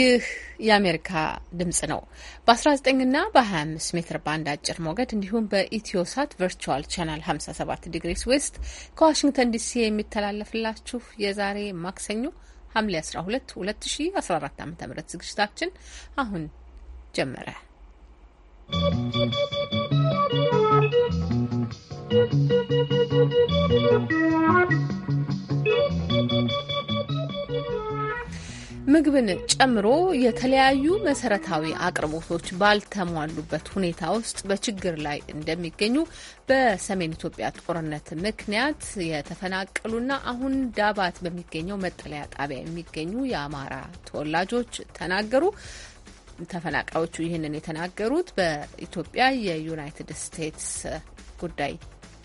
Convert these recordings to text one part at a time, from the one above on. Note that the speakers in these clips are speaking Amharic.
ይህ የአሜሪካ ድምጽ ነው። በ19 ና በ25 ሜትር ባንድ አጭር ሞገድ እንዲሁም በኢትዮሳት ቨርቹዋል ቻናል 57 ዲግሪስ ዌስት ከዋሽንግተን ዲሲ የሚተላለፍላችሁ የዛሬ ማክሰኞ ሐምሌ 12 2014 ዓ ም ዝግጅታችን አሁን ጀመረ። ¶¶ ምግብን ጨምሮ የተለያዩ መሰረታዊ አቅርቦቶች ባልተሟሉበት ሁኔታ ውስጥ በችግር ላይ እንደሚገኙ በሰሜን ኢትዮጵያ ጦርነት ምክንያት የተፈናቀሉና አሁን ዳባት በሚገኘው መጠለያ ጣቢያ የሚገኙ የአማራ ተወላጆች ተናገሩ። ተፈናቃዮቹ ይህንን የተናገሩት በኢትዮጵያ የዩናይትድ ስቴትስ ጉዳይ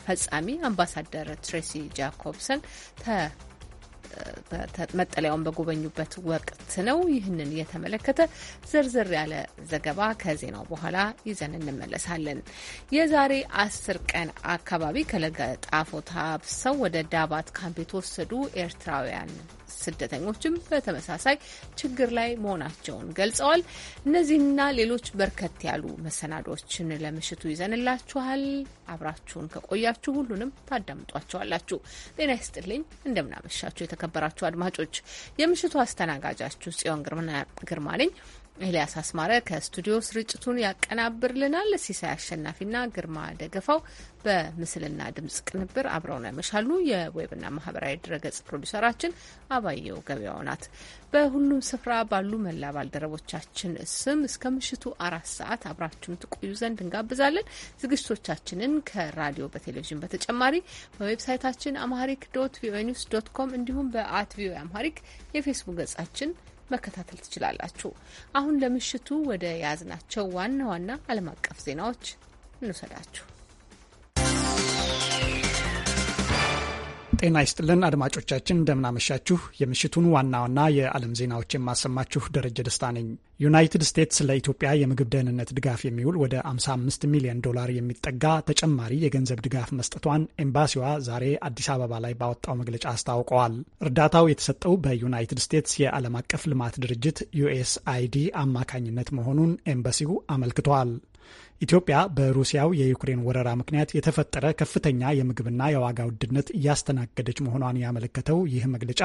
ፈጻሚ አምባሳደር ትሬሲ ጃኮብሰን መጠለያውን በጎበኙበት ወቅት ነው። ይህንን የተመለከተ ዝርዝር ያለ ዘገባ ከዜናው በኋላ ይዘን እንመለሳለን። የዛሬ አስር ቀን አካባቢ ከለገጣፎ ታፍሰው ወደ ዳባት ካምፕ የተወሰዱ ኤርትራውያን ስደተኞችም በተመሳሳይ ችግር ላይ መሆናቸውን ገልጸዋል። እነዚህና ሌሎች በርከት ያሉ መሰናዶዎችን ለምሽቱ ይዘንላችኋል። አብራችሁን ከቆያችሁ ሁሉንም ታዳምጧቸዋላችሁ። ጤና ይስጥልኝ፣ እንደምናመሻችሁ የተከበራችሁ አድማጮች። የምሽቱ አስተናጋጃችሁ ጽዮን ግርማ ነኝ። ኤልያስ አስማረ ከስቱዲዮ ስርጭቱን ያቀናብርልናል። ሲሳይ አሸናፊና ግርማ ደገፋው በምስልና ድምጽ ቅንብር አብረውን ያመሻሉ። የዌብና ማህበራዊ ድረገጽ ፕሮዲሰራችን አባየው ገበያው ናት። በሁሉም ስፍራ ባሉ መላ ባልደረቦቻችን ስም እስከ ምሽቱ አራት ሰዓት አብራችሁን ትቆዩ ዘንድ እንጋብዛለን። ዝግጅቶቻችንን ከራዲዮ በቴሌቪዥን በተጨማሪ በዌብሳይታችን አማሪክ ዶት ቪኦኤ ኒውስ ዶት ኮም እንዲሁም በአት ቪኦኤ አምሃሪክ የፌስቡክ ገጻችን መከታተል ትችላላችሁ። አሁን ለምሽቱ ወደ ያዝናቸው ዋና ዋና ዓለም አቀፍ ዜናዎች እንውሰዳችሁ። ጤና ይስጥልን አድማጮቻችን፣ እንደምናመሻችሁ። የምሽቱን ዋና ዋና የዓለም ዜናዎች የማሰማችሁ ደረጀ ደስታ ነኝ። ዩናይትድ ስቴትስ ለኢትዮጵያ የምግብ ደህንነት ድጋፍ የሚውል ወደ 55 ሚሊዮን ዶላር የሚጠጋ ተጨማሪ የገንዘብ ድጋፍ መስጠቷን ኤምባሲዋ ዛሬ አዲስ አበባ ላይ ባወጣው መግለጫ አስታውቀዋል። እርዳታው የተሰጠው በዩናይትድ ስቴትስ የዓለም አቀፍ ልማት ድርጅት ዩኤስአይዲ አማካኝነት መሆኑን ኤምባሲው አመልክቷል። ኢትዮጵያ በሩሲያው የዩክሬን ወረራ ምክንያት የተፈጠረ ከፍተኛ የምግብና የዋጋ ውድነት እያስተናገደች መሆኗን ያመለከተው ይህ መግለጫ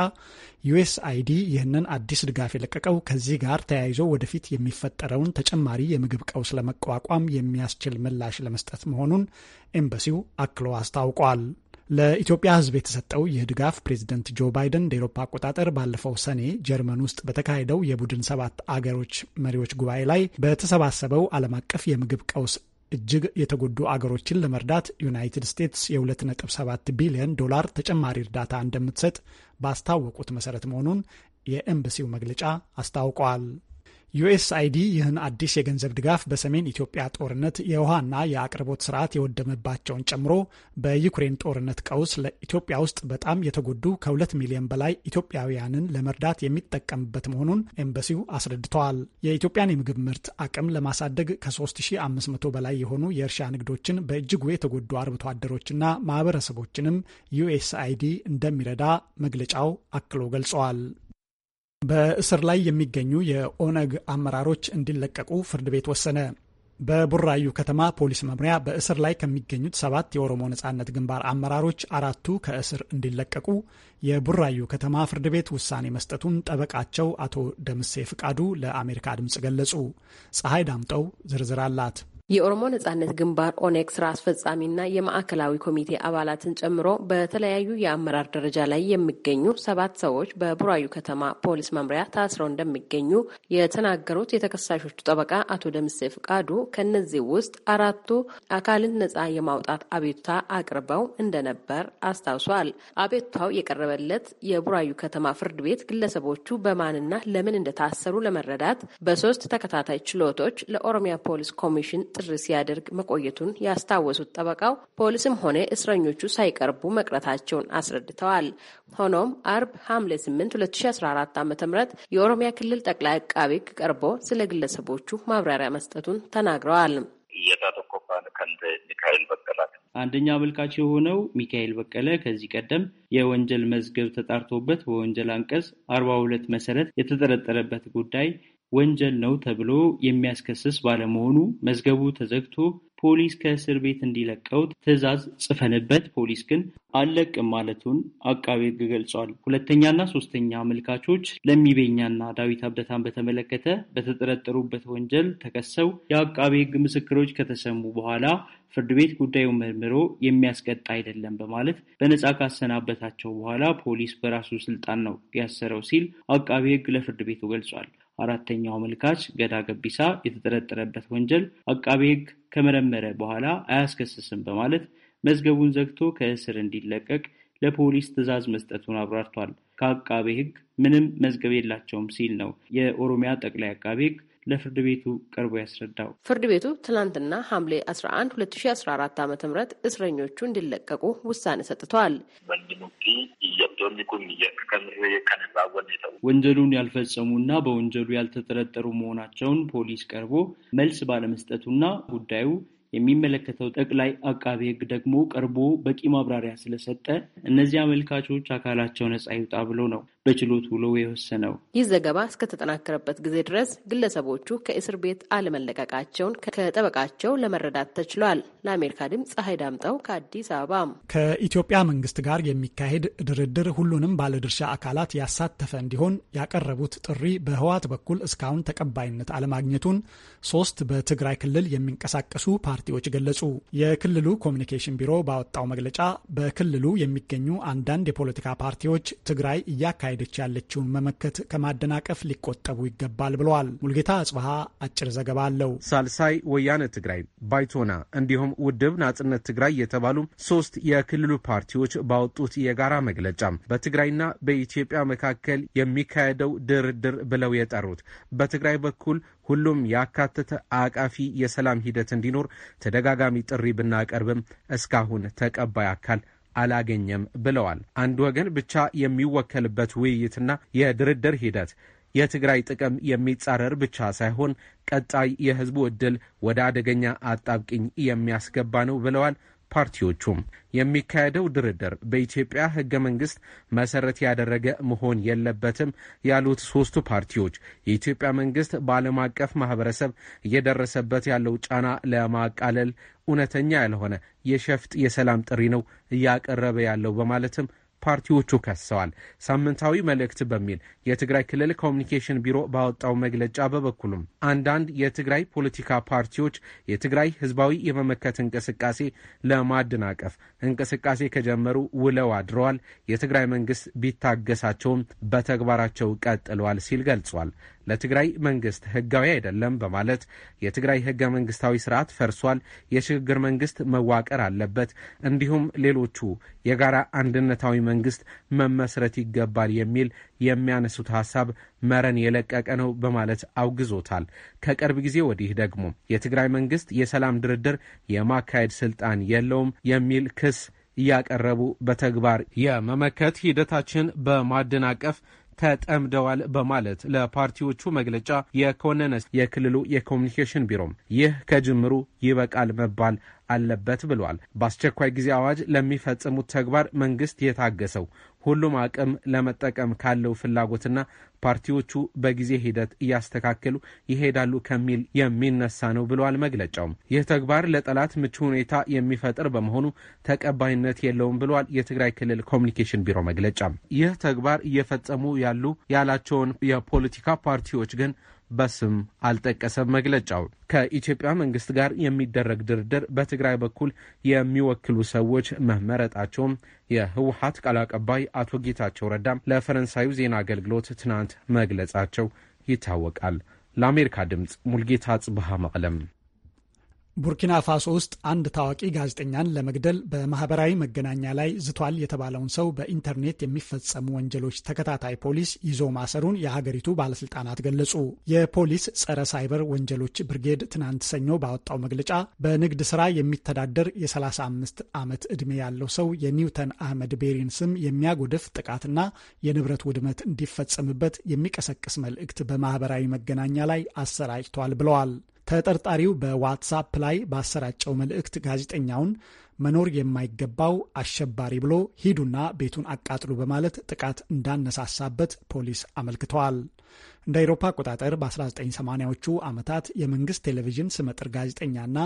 ዩኤስአይዲ ይህንን አዲስ ድጋፍ የለቀቀው ከዚህ ጋር ተያይዞ ወደፊት የሚፈጠረውን ተጨማሪ የምግብ ቀውስ ለመቋቋም የሚያስችል ምላሽ ለመስጠት መሆኑን ኤምባሲው አክሎ አስታውቋል። ለኢትዮጵያ ሕዝብ የተሰጠው ይህ ድጋፍ ፕሬዚደንት ጆ ባይደን እንደ ኤሮፓ አቆጣጠር ባለፈው ሰኔ ጀርመን ውስጥ በተካሄደው የቡድን ሰባት አገሮች መሪዎች ጉባኤ ላይ በተሰባሰበው ዓለም አቀፍ የምግብ ቀውስ እጅግ የተጎዱ አገሮችን ለመርዳት ዩናይትድ ስቴትስ የ2.7 ቢሊዮን ዶላር ተጨማሪ እርዳታ እንደምትሰጥ ባስታወቁት መሰረት መሆኑን የኤምባሲው መግለጫ አስታውቀዋል። ዩኤስአይዲ ይህን አዲስ የገንዘብ ድጋፍ በሰሜን ኢትዮጵያ ጦርነት የውሃና የአቅርቦት ስርዓት የወደመባቸውን ጨምሮ በዩክሬን ጦርነት ቀውስ ለኢትዮጵያ ውስጥ በጣም የተጎዱ ከሁለት ሚሊዮን በላይ ኢትዮጵያውያንን ለመርዳት የሚጠቀምበት መሆኑን ኤምባሲው አስረድተዋል። የኢትዮጵያን የምግብ ምርት አቅም ለማሳደግ ከ3500 በላይ የሆኑ የእርሻ ንግዶችን በእጅጉ የተጎዱ አርብቶ አደሮችና ማህበረሰቦችንም ዩኤስአይዲ እንደሚረዳ መግለጫው አክሎ ገልጸዋል። በእስር ላይ የሚገኙ የኦነግ አመራሮች እንዲለቀቁ ፍርድ ቤት ወሰነ። በቡራዩ ከተማ ፖሊስ መምሪያ በእስር ላይ ከሚገኙት ሰባት የኦሮሞ ነጻነት ግንባር አመራሮች አራቱ ከእስር እንዲለቀቁ የቡራዩ ከተማ ፍርድ ቤት ውሳኔ መስጠቱን ጠበቃቸው አቶ ደምሴ ፍቃዱ ለአሜሪካ ድምፅ ገለጹ። ፀሐይ ዳምጠው ዝርዝር አላት። የኦሮሞ ነጻነት ግንባር ኦኔግ ስራ አስፈጻሚና የማዕከላዊ ኮሚቴ አባላትን ጨምሮ በተለያዩ የአመራር ደረጃ ላይ የሚገኙ ሰባት ሰዎች በቡራዩ ከተማ ፖሊስ መምሪያ ታስረው እንደሚገኙ የተናገሩት የተከሳሾቹ ጠበቃ አቶ ደምሴ ፍቃዱ ከእነዚህ ውስጥ አራቱ አካልን ነጻ የማውጣት አቤቱታ አቅርበው እንደነበር አስታውሷል። አቤቱታው የቀረበለት የቡራዩ ከተማ ፍርድ ቤት ግለሰቦቹ በማንና ለምን እንደታሰሩ ለመረዳት በሶስት ተከታታይ ችሎቶች ለኦሮሚያ ፖሊስ ኮሚሽን ጥሪ ሲያደርግ መቆየቱን ያስታወሱት ጠበቃው ፖሊስም ሆነ እስረኞቹ ሳይቀርቡ መቅረታቸውን አስረድተዋል። ሆኖም አርብ ሐምሌ 8 2014 ዓ ም የኦሮሚያ ክልል ጠቅላይ አቃቢ ሕግ ቀርቦ ስለ ግለሰቦቹ ማብራሪያ መስጠቱን ተናግረዋል። አንደኛ አመልካች የሆነው ሚካኤል በቀለ ከዚህ ቀደም የወንጀል መዝገብ ተጣርቶበት በወንጀል አንቀጽ አርባ ሁለት መሰረት የተጠረጠረበት ጉዳይ ወንጀል ነው ተብሎ የሚያስከስስ ባለመሆኑ መዝገቡ ተዘግቶ ፖሊስ ከእስር ቤት እንዲለቀው ትዕዛዝ ጽፈንበት ፖሊስ ግን አልለቅም ማለቱን አቃቤ ሕግ ገልጿል። ሁለተኛና ሶስተኛ አመልካቾች ለሚቤኛና ዳዊት አብደታን በተመለከተ በተጠረጠሩበት ወንጀል ተከሰው የአቃቤ ሕግ ምስክሮች ከተሰሙ በኋላ ፍርድ ቤት ጉዳዩ መርምሮ የሚያስቀጣ አይደለም በማለት በነፃ ካሰናበታቸው በኋላ ፖሊስ በራሱ ስልጣን ነው ያሰረው ሲል አቃቤ ሕግ ለፍርድ ቤቱ ገልጿል። አራተኛው አመልካች ገዳ ገቢሳ የተጠረጠረበት ወንጀል አቃቤ ሕግ ከመረመረ በኋላ አያስከስስም በማለት መዝገቡን ዘግቶ ከእስር እንዲለቀቅ ለፖሊስ ትዕዛዝ መስጠቱን አብራርቷል። ከአቃቤ ሕግ ምንም መዝገብ የላቸውም ሲል ነው የኦሮሚያ ጠቅላይ አቃቤ ሕግ ለፍርድ ቤቱ ቀርቦ ያስረዳው። ፍርድ ቤቱ ትናንትና ሐምሌ 11 2014 ዓ ም እስረኞቹ እንዲለቀቁ ውሳኔ ሰጥተዋል። ወንጀሉን ያልፈጸሙና በወንጀሉ ያልተጠረጠሩ መሆናቸውን ፖሊስ ቀርቦ መልስ ባለመስጠቱና ጉዳዩ የሚመለከተው ጠቅላይ አቃቤ ሕግ ደግሞ ቀርቦ በቂ ማብራሪያ ስለሰጠ እነዚህ አመልካቾች አካላቸው ነጻ ይውጣ ብሎ ነው በችሎት ውሎ የወሰነው። ይህ ዘገባ እስከተጠናከረበት ጊዜ ድረስ ግለሰቦቹ ከእስር ቤት አለመለቀቃቸውን ከጠበቃቸው ለመረዳት ተችሏል። ለአሜሪካ ድምፅ ፀሐይ ዳምጠው ከአዲስ አበባ። ከኢትዮጵያ መንግስት ጋር የሚካሄድ ድርድር ሁሉንም ባለድርሻ አካላት ያሳተፈ እንዲሆን ያቀረቡት ጥሪ በህወሓት በኩል እስካሁን ተቀባይነት አለማግኘቱን ሶስት በትግራይ ክልል የሚንቀሳቀሱ ፓርቲ ፓርቲዎች ገለጹ። የክልሉ ኮሚኒኬሽን ቢሮ ባወጣው መግለጫ በክልሉ የሚገኙ አንዳንድ የፖለቲካ ፓርቲዎች ትግራይ እያካሄደች ያለችውን መመከት ከማደናቀፍ ሊቆጠቡ ይገባል ብለዋል። ሙልጌታ አጽብሃ አጭር ዘገባ አለው። ሳልሳይ ወያነ ትግራይ፣ ባይቶና እንዲሁም ውድብ ናጽነት ትግራይ የተባሉ ሶስት የክልሉ ፓርቲዎች ባወጡት የጋራ መግለጫ በትግራይና በኢትዮጵያ መካከል የሚካሄደው ድርድር ብለው የጠሩት በትግራይ በኩል ሁሉም ያካተተ አቃፊ የሰላም ሂደት እንዲኖር ተደጋጋሚ ጥሪ ብናቀርብም እስካሁን ተቀባይ አካል አላገኘም ብለዋል። አንድ ወገን ብቻ የሚወከልበት ውይይትና የድርድር ሂደት የትግራይ ጥቅም የሚጻረር ብቻ ሳይሆን ቀጣይ የህዝቡ ዕድል ወደ አደገኛ አጣብቅኝ የሚያስገባ ነው ብለዋል። ፓርቲዎቹም የሚካሄደው ድርድር በኢትዮጵያ ህገ መንግስት መሰረት ያደረገ መሆን የለበትም ያሉት ሶስቱ ፓርቲዎች የኢትዮጵያ መንግስት በዓለም አቀፍ ማህበረሰብ እየደረሰበት ያለው ጫና ለማቃለል እውነተኛ ያልሆነ የሸፍጥ የሰላም ጥሪ ነው እያቀረበ ያለው በማለትም ፓርቲዎቹ ከሰዋል። ሳምንታዊ መልእክት በሚል የትግራይ ክልል ኮሚኒኬሽን ቢሮ ባወጣው መግለጫ በበኩሉም አንዳንድ የትግራይ ፖለቲካ ፓርቲዎች የትግራይ ህዝባዊ የመመከት እንቅስቃሴ ለማደናቀፍ እንቅስቃሴ ከጀመሩ ውለው አድረዋል። የትግራይ መንግስት ቢታገሳቸውም በተግባራቸው ቀጥለዋል ሲል ገልጿል። ለትግራይ መንግስት ህጋዊ አይደለም በማለት የትግራይ ህገ መንግስታዊ ስርዓት ፈርሷል፣ የሽግግር መንግስት መዋቀር አለበት፣ እንዲሁም ሌሎቹ የጋራ አንድነታዊ መንግስት መመስረት ይገባል የሚል የሚያነሱት ሀሳብ መረን የለቀቀ ነው በማለት አውግዞታል። ከቅርብ ጊዜ ወዲህ ደግሞ የትግራይ መንግስት የሰላም ድርድር የማካሄድ ስልጣን የለውም የሚል ክስ እያቀረቡ በተግባር የመመከት ሂደታችን በማደናቀፍ ተጠምደዋል በማለት ለፓርቲዎቹ መግለጫ የኮነነ የክልሉ የኮሚኒኬሽን ቢሮም ይህ ከጅምሩ ይበቃል መባል አለበት ብለዋል። በአስቸኳይ ጊዜ አዋጅ ለሚፈጽሙት ተግባር መንግስት የታገሰው ሁሉም አቅም ለመጠቀም ካለው ፍላጎትና ፓርቲዎቹ በጊዜ ሂደት እያስተካከሉ ይሄዳሉ ከሚል የሚነሳ ነው ብለዋል መግለጫውም። ይህ ተግባር ለጠላት ምቹ ሁኔታ የሚፈጥር በመሆኑ ተቀባይነት የለውም ብለዋል የትግራይ ክልል ኮሚኒኬሽን ቢሮ መግለጫ። ይህ ተግባር እየፈጸሙ ያሉ ያላቸውን የፖለቲካ ፓርቲዎች ግን በስም አልጠቀሰም። መግለጫው ከኢትዮጵያ መንግስት ጋር የሚደረግ ድርድር በትግራይ በኩል የሚወክሉ ሰዎች መመረጣቸውም የህወሀት ቃል አቀባይ አቶ ጌታቸው ረዳም ለፈረንሳዩ ዜና አገልግሎት ትናንት መግለጻቸው ይታወቃል። ለአሜሪካ ድምፅ ሙልጌታ ጽብሃ መቅለም ቡርኪና ፋሶ ውስጥ አንድ ታዋቂ ጋዜጠኛን ለመግደል በማህበራዊ መገናኛ ላይ ዝቷል የተባለውን ሰው በኢንተርኔት የሚፈጸሙ ወንጀሎች ተከታታይ ፖሊስ ይዞ ማሰሩን የሀገሪቱ ባለስልጣናት ገለጹ። የፖሊስ ጸረ ሳይበር ወንጀሎች ብርጌድ ትናንት ሰኞ ባወጣው መግለጫ በንግድ ስራ የሚተዳደር የ35 ዓመት ዕድሜ ያለው ሰው የኒውተን አህመድ ቤሪን ስም የሚያጎድፍ ጥቃትና የንብረት ውድመት እንዲፈጸምበት የሚቀሰቅስ መልእክት በማህበራዊ መገናኛ ላይ አሰራጭቷል ብለዋል። ተጠርጣሪው በዋትሳፕ ላይ ባሰራጨው መልእክት ጋዜጠኛውን መኖር የማይገባው አሸባሪ ብሎ ሂዱና ቤቱን አቃጥሉ በማለት ጥቃት እንዳነሳሳበት ፖሊስ አመልክተዋል። እንደ አውሮፓ አቆጣጠር በ1980ዎቹ ዓመታት የመንግስት ቴሌቪዥን ስመጥር ጋዜጠኛና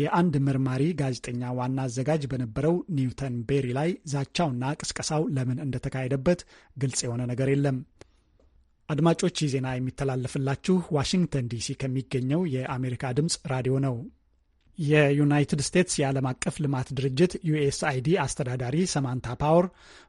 የአንድ መርማሪ ጋዜጠኛ ዋና አዘጋጅ በነበረው ኒውተን ቤሪ ላይ ዛቻውና ቅስቀሳው ለምን እንደተካሄደበት ግልጽ የሆነ ነገር የለም። አድማጮች ዜና የሚተላለፍላችሁ ዋሽንግተን ዲሲ ከሚገኘው የአሜሪካ ድምፅ ራዲዮ ነው። የዩናይትድ ስቴትስ የዓለም አቀፍ ልማት ድርጅት ዩኤስአይዲ አስተዳዳሪ ሰማንታ ፓወር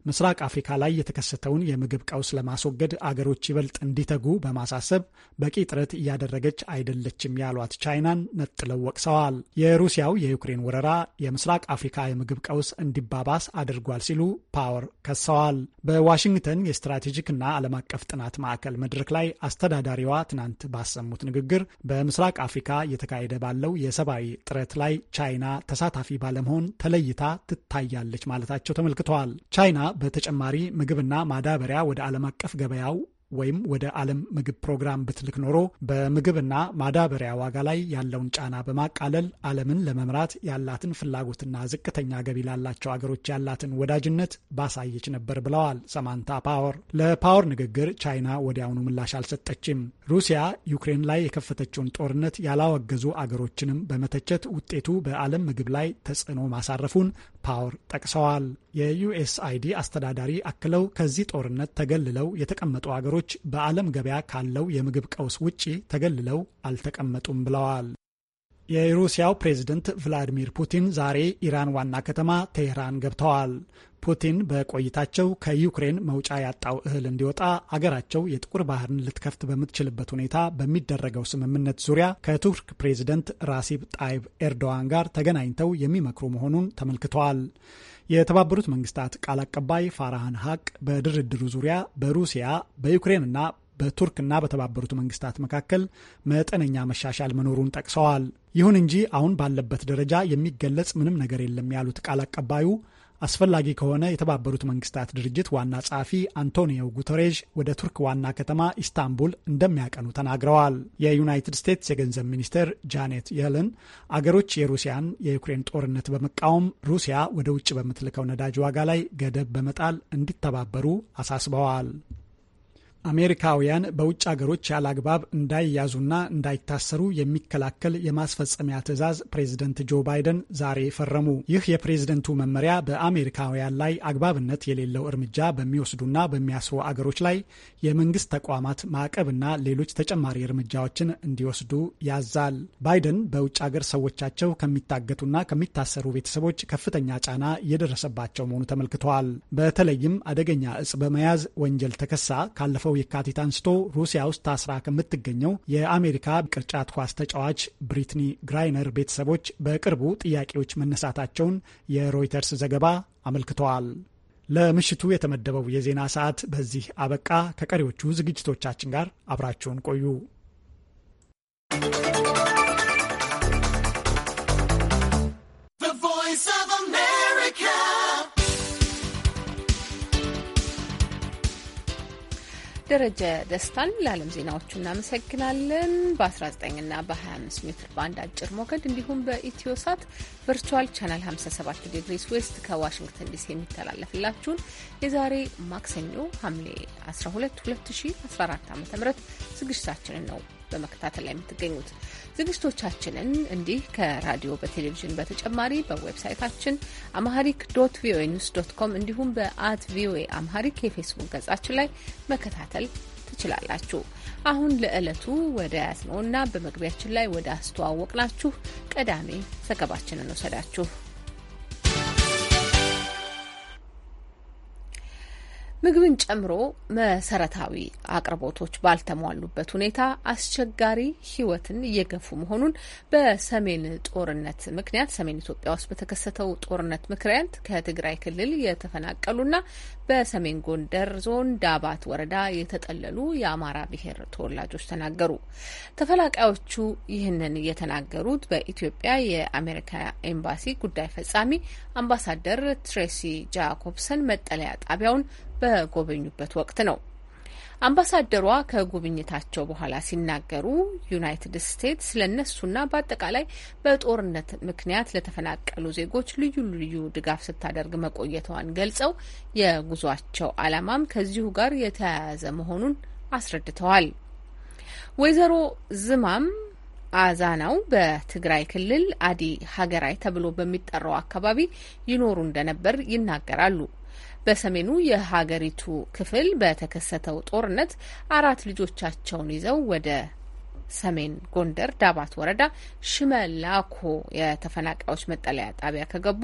ምስራቅ አፍሪካ ላይ የተከሰተውን የምግብ ቀውስ ለማስወገድ አገሮች ይበልጥ እንዲተጉ በማሳሰብ በቂ ጥረት እያደረገች አይደለችም ያሏት ቻይናን ነጥለው ወቅሰዋል። የሩሲያው የዩክሬን ወረራ የምስራቅ አፍሪካ የምግብ ቀውስ እንዲባባስ አድርጓል ሲሉ ፓወር ከሰዋል። በዋሽንግተን የስትራቴጂክና ዓለም አቀፍ ጥናት ማዕከል መድረክ ላይ አስተዳዳሪዋ ትናንት ባሰሙት ንግግር በምስራቅ አፍሪካ እየተካሄደ ባለው የሰብአዊ ጥረት ላይ ቻይና ተሳታፊ ባለመሆን ተለይታ ትታያለች ማለታቸው ተመልክተዋል። ቻይና በተጨማሪ ምግብና ማዳበሪያ ወደ ዓለም አቀፍ ገበያው ወይም ወደ ዓለም ምግብ ፕሮግራም ብትልክ ኖሮ በምግብና ማዳበሪያ ዋጋ ላይ ያለውን ጫና በማቃለል ዓለምን ለመምራት ያላትን ፍላጎትና ዝቅተኛ ገቢ ላላቸው አገሮች ያላትን ወዳጅነት ባሳየች ነበር ብለዋል ሰማንታ ፓወር። ለፓወር ንግግር ቻይና ወዲያውኑ ምላሽ አልሰጠችም። ሩሲያ ዩክሬን ላይ የከፈተችውን ጦርነት ያላወገዙ አገሮችንም በመተቸት ውጤቱ በዓለም ምግብ ላይ ተጽዕኖ ማሳረፉን ፓወር ጠቅሰዋል። የዩኤስአይዲ አስተዳዳሪ አክለው ከዚህ ጦርነት ተገልለው የተቀመጡ አገሮች በዓለም ገበያ ካለው የምግብ ቀውስ ውጪ ተገልለው አልተቀመጡም ብለዋል። የሩሲያው ፕሬዝደንት ቭላዲሚር ፑቲን ዛሬ ኢራን ዋና ከተማ ቴህራን ገብተዋል። ፑቲን በቆይታቸው ከዩክሬን መውጫ ያጣው እህል እንዲወጣ አገራቸው የጥቁር ባህርን ልትከፍት በምትችልበት ሁኔታ በሚደረገው ስምምነት ዙሪያ ከቱርክ ፕሬዝደንት ራሲብ ጣይብ ኤርዶዋን ጋር ተገናኝተው የሚመክሩ መሆኑን ተመልክተዋል። የተባበሩት መንግስታት ቃል አቀባይ ፋራሃን ሀቅ በድርድሩ ዙሪያ በሩሲያ በዩክሬንና በቱርክና በተባበሩት መንግስታት መካከል መጠነኛ መሻሻል መኖሩን ጠቅሰዋል። ይሁን እንጂ አሁን ባለበት ደረጃ የሚገለጽ ምንም ነገር የለም ያሉት ቃል አቀባዩ አስፈላጊ ከሆነ የተባበሩት መንግስታት ድርጅት ዋና ጸሐፊ አንቶኒዮ ጉተሬዥ ወደ ቱርክ ዋና ከተማ ኢስታንቡል እንደሚያቀኑ ተናግረዋል። የዩናይትድ ስቴትስ የገንዘብ ሚኒስትር ጃኔት የለን አገሮች የሩሲያን የዩክሬን ጦርነት በመቃወም ሩሲያ ወደ ውጭ በምትልከው ነዳጅ ዋጋ ላይ ገደብ በመጣል እንዲተባበሩ አሳስበዋል። አሜሪካውያን በውጭ አገሮች ያለ አግባብ እንዳይያዙና እንዳይታሰሩ የሚከላከል የማስፈጸሚያ ትዕዛዝ ፕሬዝደንት ጆ ባይደን ዛሬ ፈረሙ። ይህ የፕሬዝደንቱ መመሪያ በአሜሪካውያን ላይ አግባብነት የሌለው እርምጃ በሚወስዱና በሚያስሩ አገሮች ላይ የመንግስት ተቋማት ማዕቀብና ሌሎች ተጨማሪ እርምጃዎችን እንዲወስዱ ያዛል። ባይደን በውጭ አገር ሰዎቻቸው ከሚታገቱና ከሚታሰሩ ቤተሰቦች ከፍተኛ ጫና እየደረሰባቸው መሆኑ ተመልክተዋል። በተለይም አደገኛ እጽ በመያዝ ወንጀል ተከሳ ካለፈው ካለፈው የካቲት አንስቶ ሩሲያ ውስጥ ታስራ ከምትገኘው የአሜሪካ ቅርጫት ኳስ ተጫዋች ብሪትኒ ግራይነር ቤተሰቦች በቅርቡ ጥያቄዎች መነሳታቸውን የሮይተርስ ዘገባ አመልክተዋል። ለምሽቱ የተመደበው የዜና ሰዓት በዚህ አበቃ። ከቀሪዎቹ ዝግጅቶቻችን ጋር አብራችሁን ቆዩ። ደረጀ ደስታን ለዓለም ዜናዎቹ እናመሰግናለን። በ19ና በ25 ሜትር ባንድ አጭር ሞገድ እንዲሁም በኢትዮ ሳት ቨርቹዋል ቻናል 57 ዲግሪስ ዌስት ከዋሽንግተን ዲሲ የሚተላለፍላችሁን የዛሬ ማክሰኞ ሐምሌ 12 2014 ዓ ም ዝግጅታችንን ነው በመከታተል ላይ የምትገኙት። ዝግጅቶቻችንን እንዲህ ከራዲዮ በቴሌቪዥን በተጨማሪ በዌብሳይታችን አምሃሪክ ዶት ቪኦኤ ኒውስ ዶት ኮም እንዲሁም በአት ቪኦኤ አምሃሪክ የፌስቡክ ገጻችን ላይ መከታተል ትችላላችሁ። አሁን ለዕለቱ ወደ ያዝነውና በመግቢያችን ላይ ወደ አስተዋወቅናችሁ ቀዳሚ ዘገባችንን ወሰዳችሁ። ምግብን ጨምሮ መሰረታዊ አቅርቦቶች ባልተሟሉበት ሁኔታ አስቸጋሪ ህይወትን እየገፉ መሆኑን በሰሜን ጦርነት ምክንያት ሰሜን ኢትዮጵያ ውስጥ በተከሰተው ጦርነት ምክንያት ከትግራይ ክልል የተፈናቀሉና በሰሜን ጎንደር ዞን ዳባት ወረዳ የተጠለሉ የአማራ ብሔር ተወላጆች ተናገሩ። ተፈናቃዮቹ ይህንን የተናገሩት በኢትዮጵያ የአሜሪካ ኤምባሲ ጉዳይ ፈጻሚ አምባሳደር ትሬሲ ጃኮብሰን መጠለያ ጣቢያውን በጎበኙበት ወቅት ነው። አምባሳደሯ ከጉብኝታቸው በኋላ ሲናገሩ ዩናይትድ ስቴትስ ለእነሱና በአጠቃላይ በጦርነት ምክንያት ለተፈናቀሉ ዜጎች ልዩ ልዩ ድጋፍ ስታደርግ መቆየቷን ገልጸው የጉዟቸው ዓላማም ከዚሁ ጋር የተያያዘ መሆኑን አስረድተዋል። ወይዘሮ ዝማም አዛናው በትግራይ ክልል አዲ ሀገራይ ተብሎ በሚጠራው አካባቢ ይኖሩ እንደነበር ይናገራሉ። በሰሜኑ የሀገሪቱ ክፍል በተከሰተው ጦርነት አራት ልጆቻቸውን ይዘው ወደ ሰሜን ጎንደር ዳባት ወረዳ ሽመላኮ የተፈናቃዮች መጠለያ ጣቢያ ከገቡ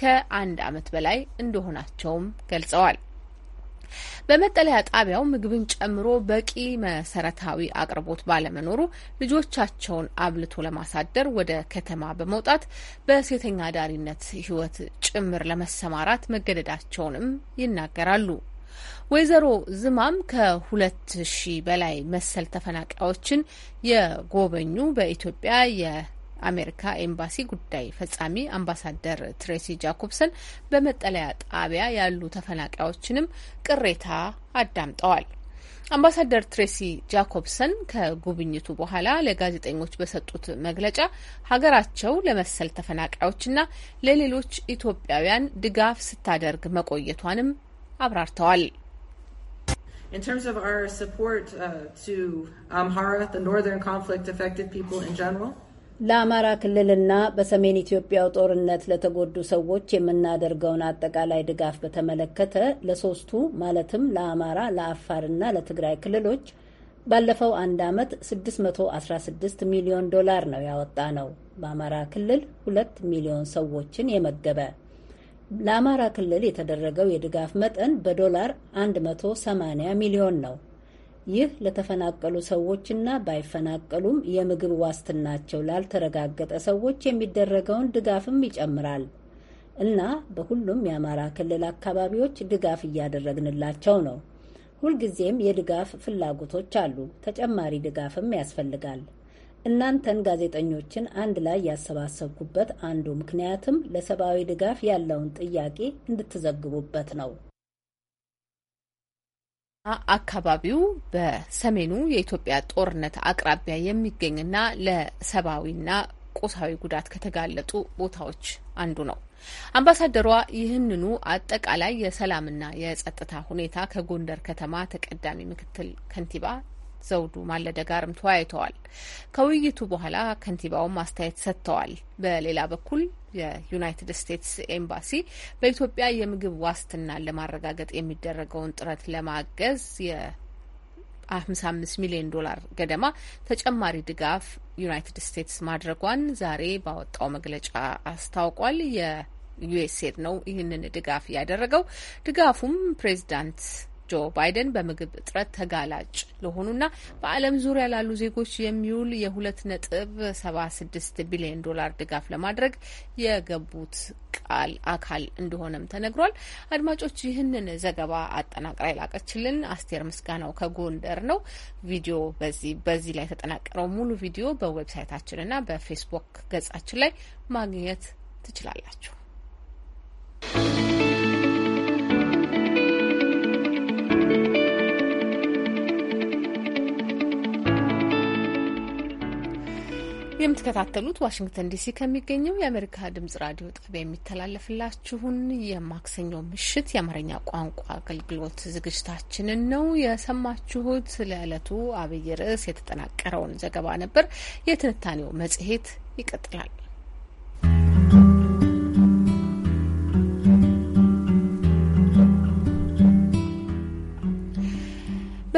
ከአንድ ዓመት በላይ እንደሆናቸውም ገልጸዋል። በመጠለያ ጣቢያው ምግብን ጨምሮ በቂ መሰረታዊ አቅርቦት ባለመኖሩ ልጆቻቸውን አብልቶ ለማሳደር ወደ ከተማ በመውጣት በሴተኛ አዳሪነት ሕይወት ጭምር ለመሰማራት መገደዳቸውንም ይናገራሉ። ወይዘሮ ዝማም ከሁለት ሺህ በላይ መሰል ተፈናቃዮችን የጎበኙ በኢትዮጵያ አሜሪካ ኤምባሲ ጉዳይ ፈጻሚ አምባሳደር ትሬሲ ጃኮብሰን በመጠለያ ጣቢያ ያሉ ተፈናቃዮችንም ቅሬታ አዳምጠዋል። አምባሳደር ትሬሲ ጃኮብሰን ከጉብኝቱ በኋላ ለጋዜጠኞች በሰጡት መግለጫ ሀገራቸው ለመሰል ተፈናቃዮችና ለሌሎች ኢትዮጵያውያን ድጋፍ ስታደርግ መቆየቷንም አብራርተዋል። In terms of our support uh, to Amhara, the northern conflict affected people in general, ለአማራ ክልልና በሰሜን ኢትዮጵያው ጦርነት ለተጎዱ ሰዎች የምናደርገውን አጠቃላይ ድጋፍ በተመለከተ ለሶስቱ ማለትም ለአማራ፣ ለአፋርና ለትግራይ ክልሎች ባለፈው አንድ ዓመት 616 ሚሊዮን ዶላር ነው ያወጣ ነው። በአማራ ክልል ሁለት ሚሊዮን ሰዎችን የመገበ። ለአማራ ክልል የተደረገው የድጋፍ መጠን በዶላር 180 ሚሊዮን ነው። ይህ ለተፈናቀሉ ሰዎችና ባይፈናቀሉም የምግብ ዋስትናቸው ላልተረጋገጠ ሰዎች የሚደረገውን ድጋፍም ይጨምራል እና በሁሉም የአማራ ክልል አካባቢዎች ድጋፍ እያደረግንላቸው ነው። ሁልጊዜም የድጋፍ ፍላጎቶች አሉ። ተጨማሪ ድጋፍም ያስፈልጋል። እናንተን ጋዜጠኞችን አንድ ላይ ያሰባሰብኩበት አንዱ ምክንያትም ለሰብአዊ ድጋፍ ያለውን ጥያቄ እንድትዘግቡበት ነው። አካባቢው በሰሜኑ የኢትዮጵያ ጦርነት አቅራቢያ የሚገኝና ለሰብአዊና ቁሳዊ ጉዳት ከተጋለጡ ቦታዎች አንዱ ነው። አምባሳደሯ ይህንኑ አጠቃላይ የሰላምና የጸጥታ ሁኔታ ከጎንደር ከተማ ተቀዳሚ ምክትል ከንቲባ ዘውዱ ማለደ ጋርም ተወያይተዋል። ከውይይቱ በኋላ ከንቲባውም አስተያየት ሰጥተዋል። በሌላ በኩል የዩናይትድ ስቴትስ ኤምባሲ በኢትዮጵያ የምግብ ዋስትናን ለማረጋገጥ የሚደረገውን ጥረት ለማገዝ የ 55 ሚሊዮን ዶላር ገደማ ተጨማሪ ድጋፍ ዩናይትድ ስቴትስ ማድረጓን ዛሬ ባወጣው መግለጫ አስታውቋል። የዩኤስኤድ ነው ይህንን ድጋፍ ያደረገው። ድጋፉም ፕሬዚዳንት ጆ ባይደን በምግብ እጥረት ተጋላጭ ለሆኑና በዓለም ዙሪያ ላሉ ዜጎች የሚውል የሁለት ነጥብ ሰባ ስድስት ቢሊዮን ዶላር ድጋፍ ለማድረግ የገቡት ቃል አካል እንደሆነም ተነግሯል። አድማጮች፣ ይህንን ዘገባ አጠናቅራ የላቀችልን አስቴር ምስጋናው ከጎንደር ነው። ቪዲዮ በዚህ በዚህ ላይ የተጠናቀረው ሙሉ ቪዲዮ በዌብሳይታችንና በፌስቡክ ገጻችን ላይ ማግኘት ትችላላችሁ። የምትከታተሉት ዋሽንግተን ዲሲ ከሚገኘው የአሜሪካ ድምጽ ራዲዮ ጣቢያ የሚተላለፍላችሁን የማክሰኞ ምሽት የአማርኛ ቋንቋ አገልግሎት ዝግጅታችንን ነው የሰማችሁት። ለዕለቱ አብይ ርዕስ የተጠናቀረውን ዘገባ ነበር። የትንታኔው መጽሔት ይቀጥላል።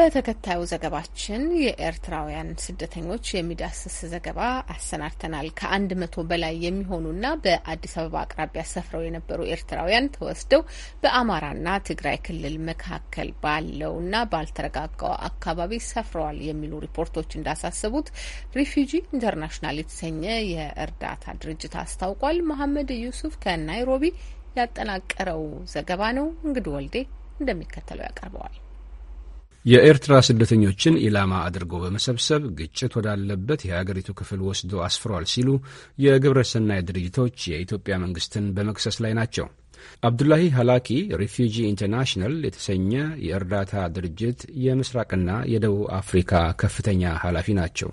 በተከታዩ ዘገባችን የኤርትራውያን ስደተኞች የሚዳስስ ዘገባ አሰናድተናል። ከአንድ መቶ በላይ የሚሆኑና በአዲስ አበባ አቅራቢያ ሰፍረው የነበሩ ኤርትራውያን ተወስደው በአማራና ትግራይ ክልል መካከል ባለውና ባልተረጋጋው አካባቢ ሰፍረዋል የሚሉ ሪፖርቶች እንዳሳሰቡት ሪፊጂ ኢንተርናሽናል የተሰኘ የእርዳታ ድርጅት አስታውቋል። መሐመድ ዩሱፍ ከናይሮቢ ያጠናቀረው ዘገባ ነው። እንግዲህ ወልዴ እንደሚከተለው ያቀርበዋል። የኤርትራ ስደተኞችን ኢላማ አድርጎ በመሰብሰብ ግጭት ወዳለበት የሀገሪቱ ክፍል ወስዶ አስፍሯል ሲሉ የግብረሰናይ ድርጅቶች የኢትዮጵያ መንግስትን በመክሰስ ላይ ናቸው። አብዱላሂ ሀላኪ ሪፊጂ ኢንተርናሽናል የተሰኘ የእርዳታ ድርጅት የምስራቅና የደቡብ አፍሪካ ከፍተኛ ኃላፊ ናቸው።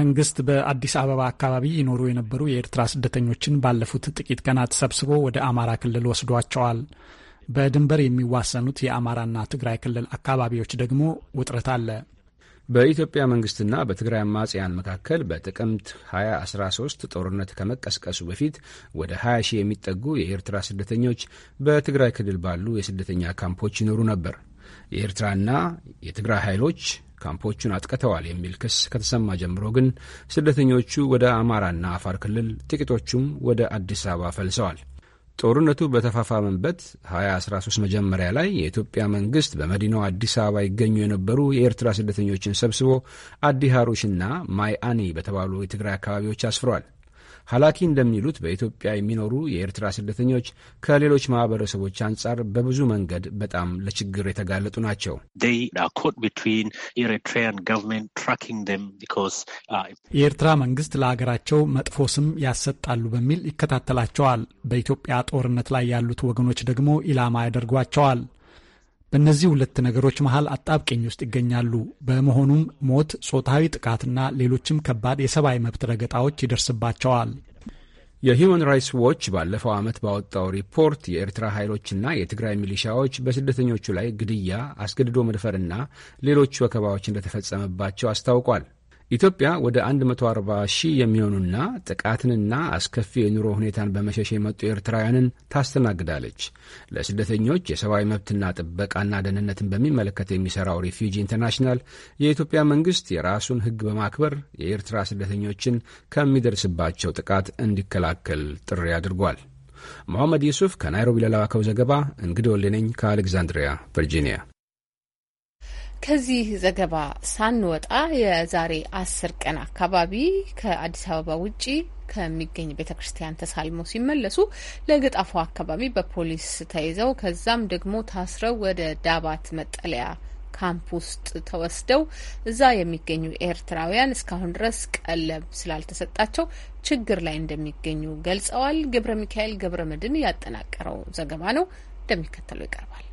መንግስት በአዲስ አበባ አካባቢ ይኖሩ የነበሩ የኤርትራ ስደተኞችን ባለፉት ጥቂት ቀናት ሰብስቦ ወደ አማራ ክልል ወስዷቸዋል። በድንበር የሚዋሰኑት የአማራና ትግራይ ክልል አካባቢዎች ደግሞ ውጥረት አለ። በኢትዮጵያ መንግስትና በትግራይ አማጽያን መካከል በጥቅምት 2013 ጦርነት ከመቀስቀሱ በፊት ወደ 20 ሺህ የሚጠጉ የኤርትራ ስደተኞች በትግራይ ክልል ባሉ የስደተኛ ካምፖች ይኖሩ ነበር። የኤርትራና የትግራይ ኃይሎች ካምፖቹን አጥቅተዋል የሚል ክስ ከተሰማ ጀምሮ ግን ስደተኞቹ ወደ አማራና አፋር ክልል፣ ጥቂቶቹም ወደ አዲስ አበባ ፈልሰዋል። ጦርነቱ በተፋፋመበት 2013 መጀመሪያ ላይ የኢትዮጵያ መንግስት በመዲናው አዲስ አበባ ይገኙ የነበሩ የኤርትራ ስደተኞችን ሰብስቦ አዲሃሮሽና ማይአኒ በተባሉ የትግራይ አካባቢዎች አስፍሯል። ሀላኪ እንደሚሉት በኢትዮጵያ የሚኖሩ የኤርትራ ስደተኞች ከሌሎች ማህበረሰቦች አንጻር በብዙ መንገድ በጣም ለችግር የተጋለጡ ናቸው። uh, የኤርትራ መንግስት ለሀገራቸው መጥፎ ስም ያሰጣሉ በሚል ይከታተላቸዋል። በኢትዮጵያ ጦርነት ላይ ያሉት ወገኖች ደግሞ ኢላማ ያደርጓቸዋል። በእነዚህ ሁለት ነገሮች መሀል አጣብቂኝ ውስጥ ይገኛሉ። በመሆኑም ሞት፣ ጾታዊ ጥቃትና ሌሎችም ከባድ የሰብአዊ መብት ረገጣዎች ይደርስባቸዋል። የሂውማን ራይትስ ዎች ባለፈው ዓመት ባወጣው ሪፖርት የኤርትራ ኃይሎችና የትግራይ ሚሊሻዎች በስደተኞቹ ላይ ግድያ፣ አስገድዶ መድፈርና ሌሎች ወከባዎች እንደተፈጸመባቸው አስታውቋል። ኢትዮጵያ ወደ 140 ሺህ የሚሆኑና ጥቃትንና አስከፊ የኑሮ ሁኔታን በመሸሽ የመጡ ኤርትራውያንን ታስተናግዳለች። ለስደተኞች የሰብአዊ መብትና ጥበቃና ደህንነትን በሚመለከት የሚሠራው ሪፊጂ ኢንተርናሽናል የኢትዮጵያ መንግሥት የራሱን ሕግ በማክበር የኤርትራ ስደተኞችን ከሚደርስባቸው ጥቃት እንዲከላከል ጥሪ አድርጓል። መሐመድ ዩሱፍ ከናይሮቢ ለላከው ዘገባ እንግዲህ ወሌነኝ ከአሌክዛንድሪያ ቨርጂኒያ ከዚህ ዘገባ ሳንወጣ የዛሬ አስር ቀን አካባቢ ከአዲስ አበባ ውጪ ከሚገኝ ቤተ ክርስቲያን ተሳልመው ሲመለሱ ለገጣፎ አካባቢ በፖሊስ ተይዘው ከዛም ደግሞ ታስረው ወደ ዳባት መጠለያ ካምፕ ውስጥ ተወስደው እዛ የሚገኙ ኤርትራውያን እስካሁን ድረስ ቀለብ ስላልተሰጣቸው ችግር ላይ እንደሚገኙ ገልጸዋል። ገብረ ሚካኤል ገብረ መድን ያጠናቀረው ዘገባ ነው፣ እንደሚከተለው ይቀርባል።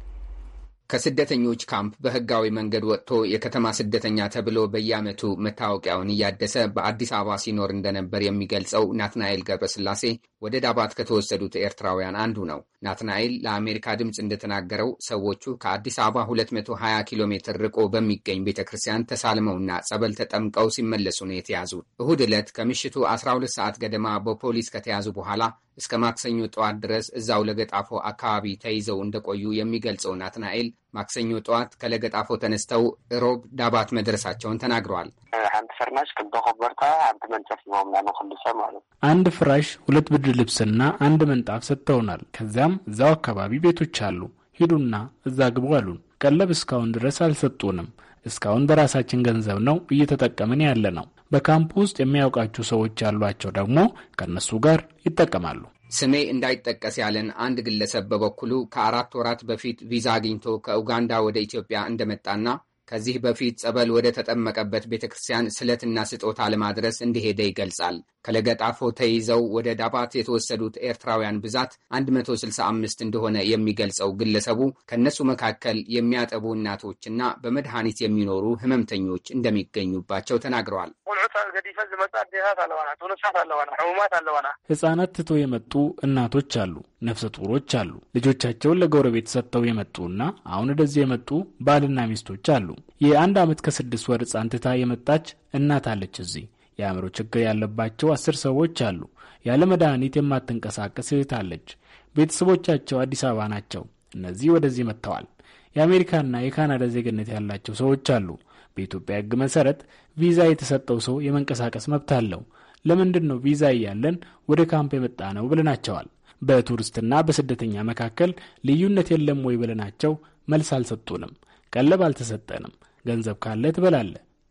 ከስደተኞች ካምፕ በህጋዊ መንገድ ወጥቶ የከተማ ስደተኛ ተብሎ በየዓመቱ መታወቂያውን እያደሰ በአዲስ አበባ ሲኖር እንደነበር የሚገልጸው ናትናኤል ገብረስላሴ ወደ ዳባት ከተወሰዱት ኤርትራውያን አንዱ ነው። ናትናኤል ለአሜሪካ ድምፅ እንደተናገረው ሰዎቹ ከአዲስ አበባ 220 ኪሎ ሜትር ርቆ በሚገኝ ቤተ ክርስቲያን ተሳልመውና ጸበል ተጠምቀው ሲመለሱ ነው የተያዙ። እሁድ ዕለት ከምሽቱ 12 ሰዓት ገደማ በፖሊስ ከተያዙ በኋላ እስከ ማክሰኞ ጠዋት ድረስ እዛው ለገጣፎ አካባቢ ተይዘው እንደቆዩ የሚገልጸው ናትናኤል ማክሰኞ ጠዋት ከለገጣፎ ተነስተው ሮብ ዳባት መድረሳቸውን ተናግረዋል። አንድ ፍራሽ፣ ሁለት ብድ ልብስና አንድ ምንጣፍ ሰጥተውናል። ከዚያም እዛው አካባቢ ቤቶች አሉ፣ ሂዱና እዛ ግቡ አሉን። ቀለብ እስካሁን ድረስ አልሰጡንም። እስካሁን በራሳችን ገንዘብ ነው እየተጠቀምን ያለ ነው። በካምፕ ውስጥ የሚያውቃቸው ሰዎች ያሏቸው ደግሞ ከእነሱ ጋር ይጠቀማሉ። ስሜ እንዳይጠቀስ ያለን አንድ ግለሰብ በበኩሉ ከአራት ወራት በፊት ቪዛ አግኝቶ ከኡጋንዳ ወደ ኢትዮጵያ እንደመጣና ከዚህ በፊት ጸበል ወደ ተጠመቀበት ቤተ ክርስቲያን ስለትና ስጦታ ለማድረስ እንደሄደ ይገልጻል። ከለገጣፎ ተይዘው ወደ ዳባት የተወሰዱት ኤርትራውያን ብዛት 165 እንደሆነ የሚገልጸው ግለሰቡ ከእነሱ መካከል የሚያጠቡ እናቶችና በመድኃኒት የሚኖሩ ህመምተኞች እንደሚገኙባቸው ተናግረዋል። ህጻናት ትቶ የመጡ እናቶች አሉ። ነፍሰ ጡሮች አሉ። ልጆቻቸውን ለጎረቤት ሰጥተው የመጡና አሁን ወደዚህ የመጡ ባልና ሚስቶች አሉ። የአንድ ዓመት ከስድስት ወር ጻንትታ ትታ የመጣች እናት አለች። እዚህ የአእምሮ ችግር ያለባቸው አስር ሰዎች አሉ። ያለ መድኃኒት የማትንቀሳቀስ እህት አለች። ቤተሰቦቻቸው አዲስ አበባ ናቸው። እነዚህ ወደዚህ መጥተዋል። የአሜሪካና የካናዳ ዜግነት ያላቸው ሰዎች አሉ። በኢትዮጵያ ሕግ መሰረት ቪዛ የተሰጠው ሰው የመንቀሳቀስ መብት አለው። ለምንድን ነው ቪዛ እያለን ወደ ካምፕ የመጣ ነው ብለናቸዋል። በቱሪስትና በስደተኛ መካከል ልዩነት የለም ወይ ብለናቸው መልስ አልሰጡንም። ቀለብ አልተሰጠንም። ገንዘብ ካለ ትበላለ፣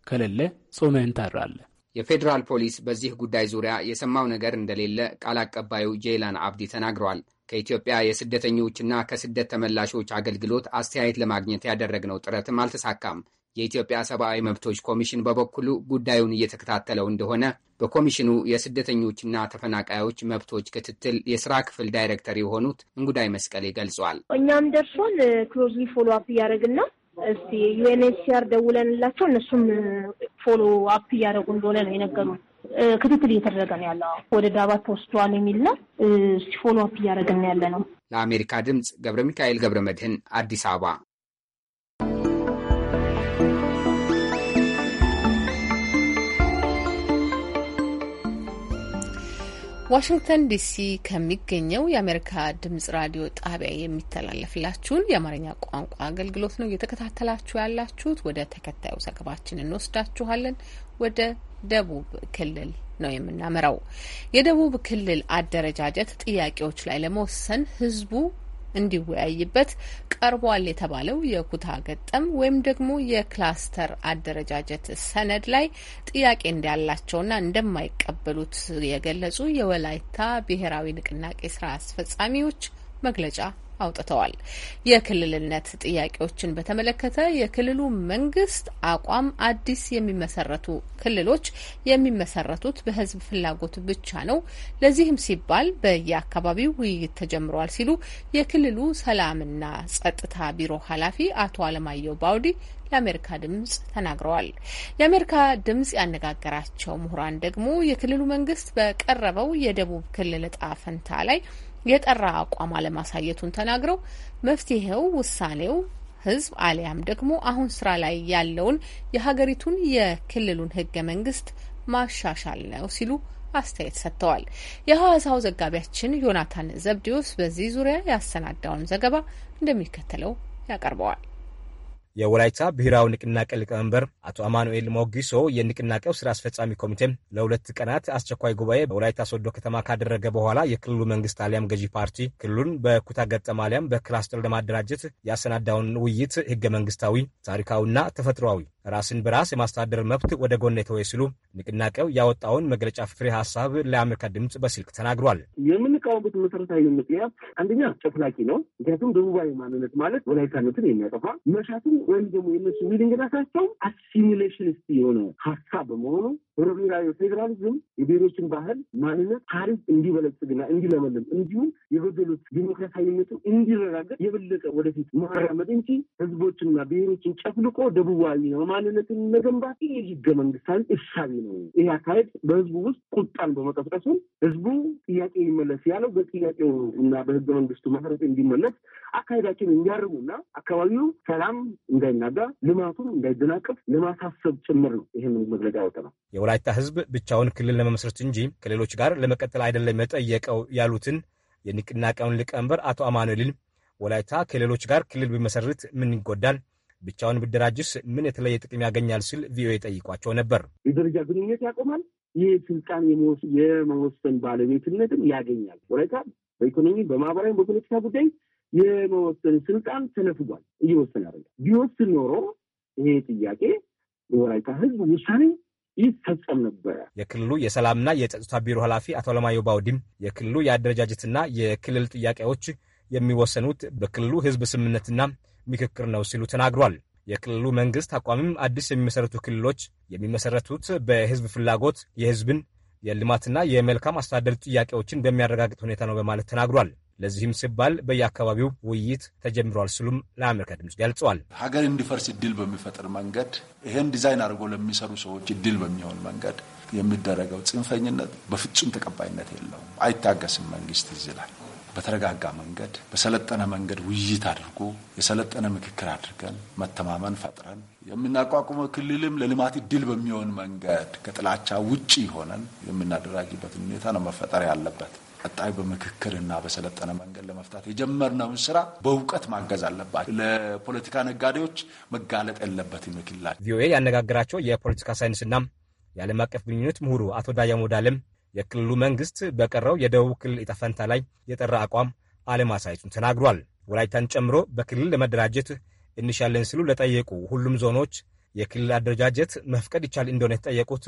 ከሌለ ጾምህን ታድራለህ። የፌዴራል ፖሊስ በዚህ ጉዳይ ዙሪያ የሰማው ነገር እንደሌለ ቃል አቀባዩ ጄይላን አብዲ ተናግረዋል። ከኢትዮጵያ የስደተኞችና ከስደት ተመላሾች አገልግሎት አስተያየት ለማግኘት ያደረግነው ጥረትም አልተሳካም። የኢትዮጵያ ሰብአዊ መብቶች ኮሚሽን በበኩሉ ጉዳዩን እየተከታተለው እንደሆነ በኮሚሽኑ የስደተኞችና ተፈናቃዮች መብቶች ክትትል የስራ ክፍል ዳይሬክተር የሆኑት እንጉዳይ መስቀሌ ገልጿል። እኛም ደርሶን ክሎዝሊ ፎሎ አፕ እያደረግን እስቲ ዩኤንኤችሲአር ደውለንላቸው እነሱም ፎሎ አፕ እያደረጉ እንደሆነ ነው የነገሩ። ክትትል እየተደረገ ነው ያለው። ወደ ዳባት ተወስደዋል የሚልና ፎሎ አፕ እያደረግን ያለ ነው። ለአሜሪካ ድምፅ ገብረ ሚካኤል ገብረ መድህን አዲስ አበባ ዋሽንግተን ዲሲ ከሚገኘው የአሜሪካ ድምጽ ራዲዮ ጣቢያ የሚተላለፍላችሁን የአማርኛ ቋንቋ አገልግሎት ነው እየተከታተላችሁ ያላችሁት። ወደ ተከታዩ ዘገባችን እንወስዳችኋለን። ወደ ደቡብ ክልል ነው የምናመራው። የደቡብ ክልል አደረጃጀት ጥያቄዎች ላይ ለመወሰን ህዝቡ እንዲወያይበት ቀርቧል የተባለው የኩታ ገጠም ወይም ደግሞ የክላስተር አደረጃጀት ሰነድ ላይ ጥያቄ እንዳላቸውና እንደማይቀበሉት የገለጹ የወላይታ ብሔራዊ ንቅናቄ ስራ አስፈጻሚዎች መግለጫ አውጥተዋል። የክልልነት ጥያቄዎችን በተመለከተ የክልሉ መንግስት አቋም አዲስ የሚመሰረቱ ክልሎች የሚመሰረቱት በህዝብ ፍላጎት ብቻ ነው፣ ለዚህም ሲባል በየአካባቢው ውይይት ተጀምረዋል ሲሉ የክልሉ ሰላምና ጸጥታ ቢሮ ኃላፊ አቶ አለማየሁ ባውዲ ለአሜሪካ ድምጽ ተናግረዋል። የአሜሪካ ድምጽ ያነጋገራቸው ምሁራን ደግሞ የክልሉ መንግስት በቀረበው የደቡብ ክልል እጣ ፈንታ ላይ የጠራ አቋም አለማሳየቱን ተናግረው መፍትሄው ውሳኔው ህዝብ አሊያም ደግሞ አሁን ስራ ላይ ያለውን የሀገሪቱን የክልሉን ህገ መንግስት ማሻሻል ነው ሲሉ አስተያየት ሰጥተዋል። የሐዋሳው ዘጋቢያችን ዮናታን ዘብዲዮስ በዚህ ዙሪያ ያሰናዳውን ዘገባ እንደሚከተለው ያቀርበዋል። የወላይታ ብሔራዊ ንቅናቄ ሊቀመንበር አቶ አማኑኤል ሞጊሶ የንቅናቄው ስራ አስፈጻሚ ኮሚቴ ለሁለት ቀናት አስቸኳይ ጉባኤ በወላይታ ሶዶ ከተማ ካደረገ በኋላ የክልሉ መንግስት አሊያም ገዢ ፓርቲ ክልሉን በኩታ ገጠም አሊያም በክላስተር ለማደራጀት ያሰናዳውን ውይይት ህገ መንግስታዊ፣ ታሪካዊና ተፈጥሯዊ ራስን በራስ የማስተዳደር መብት ወደ ጎን የተወ ሲሉ ንቅናቄው ያወጣውን መግለጫ ፍሬ ሀሳብ ለአሜሪካ ድምፅ በስልክ ተናግሯል። የምንቃወምበት መሰረታዊ ምክንያት አንደኛ ጨፍላቂ ነው። ምክንያቱም ደቡባዊ ማንነት ማለት ወላይታነትን የሚያጠፋ መሻትም ወይም ደግሞ የነሱ ሚድንግዳታቸው አሲሚሌሽንስት የሆነ ሀሳብ በመሆኑ ሮቢራዊ ፌዴራሊዝም የብሔሮችን ባህል፣ ማንነት፣ ታሪክ እንዲበለጽግና እንዲለመልም እንዲሁም የጎደሉት ዲሞክራሲያዊነቱ እንዲረጋገጥ የበለጠ ወደፊት ማራመድ እንጂ ህዝቦችና ብሔሮችን ጨፍልቆ ደቡባዊ ነው ማንነትን መገንባት ይህ ህገ መንግስታዊ እሳቤ ነው። ይህ አካሄድ በህዝቡ ውስጥ ቁጣን በመቀስቀሱን ህዝቡ ጥያቄ ይመለስ ያለው በጥያቄው እና በህገ መንግስቱ መሰረት እንዲመለስ አካሄዳችን እንዲያርሙና አካባቢው ሰላም እንዳይናጋ ልማቱም እንዳይደናቀፍ ለማሳሰብ ጭምር ነው። ይህን መግለጫ ያወጣ ነው። የወላይታ ህዝብ ብቻውን ክልል ለመመስረት እንጂ ከሌሎች ጋር ለመቀጠል አይደለም የጠየቀው ያሉትን የንቅናቄውን ሊቀመንበር አቶ አማኑኤልን ወላይታ ከሌሎች ጋር ክልል ቢመሰርት ምን ይጎዳል? ብቻውን ብደራጅስ ምን የተለየ ጥቅም ያገኛል? ሲል ቪኦኤ ጠይቋቸው ነበር። የደረጃ ግንኙነት ያቆማል። ይህ ስልጣን የመወሰን ባለቤትነትም ያገኛል። ወላይታ በኢኮኖሚ በማህበራዊ፣ በፖለቲካ ጉዳይ የመወሰን ስልጣን ተነፍጓል። እየወሰን አደለ። ቢወስን ኖሮ ይሄ ጥያቄ የወላይታ ህዝብ ውሳኔ ይፈጸም ነበረ። የክልሉ የሰላምና የጸጥታ ቢሮ ኃላፊ አቶ ለማዮ ባውዲም የክልሉ የአደረጃጀትና የክልል ጥያቄዎች የሚወሰኑት በክልሉ ህዝብ ስምምነትና ምክክር ነው ሲሉ ተናግሯል። የክልሉ መንግስት አቋምም አዲስ የሚመሰረቱ ክልሎች የሚመሰረቱት በህዝብ ፍላጎት የህዝብን የልማትና የመልካም አስተዳደር ጥያቄዎችን በሚያረጋግጥ ሁኔታ ነው በማለት ተናግሯል። ለዚህም ሲባል በየአካባቢው ውይይት ተጀምሯል ሲሉም ለአሜሪካ ድምፅ ገልጸዋል። ሀገር እንዲፈርስ እድል በሚፈጥር መንገድ ይህን ዲዛይን አድርጎ ለሚሰሩ ሰዎች እድል በሚሆን መንገድ የሚደረገው ጽንፈኝነት በፍጹም ተቀባይነት የለውም። አይታገስም። መንግስት ይዝላል። ላይ በተረጋጋ መንገድ በሰለጠነ መንገድ ውይይት አድርጎ የሰለጠነ ምክክር አድርገን መተማመን ፈጥረን የምናቋቁመው ክልልም ለልማት እድል በሚሆን መንገድ ከጥላቻ ውጭ ሆነን የምናደራጅበትን ሁኔታ ነው መፈጠር ያለበት። ቀጣይ እና በሰለጠነ መንገድ ለመፍታት የጀመርነውን ስራ በእውቀት ማገዝ አለባቸው። ለፖለቲካ ነጋዴዎች መጋለጥ የለበትም። ክልላቸው ቪኦኤ ያነጋገራቸው የፖለቲካ ሳይንስና የዓለም አቀፍ ግንኙነት ምሁሩ አቶ ዳያሞ ዳለም የክልሉ መንግስት በቀረው የደቡብ ክልል ዕጣ ፈንታ ላይ የጠራ አቋም አለማሳየቱን ተናግሯል። ወላይታን ጨምሮ በክልል ለመደራጀት እንሻለን ሲሉ ለጠየቁ ሁሉም ዞኖች የክልል አደረጃጀት መፍቀድ ይቻል እንደሆነ የተጠየቁት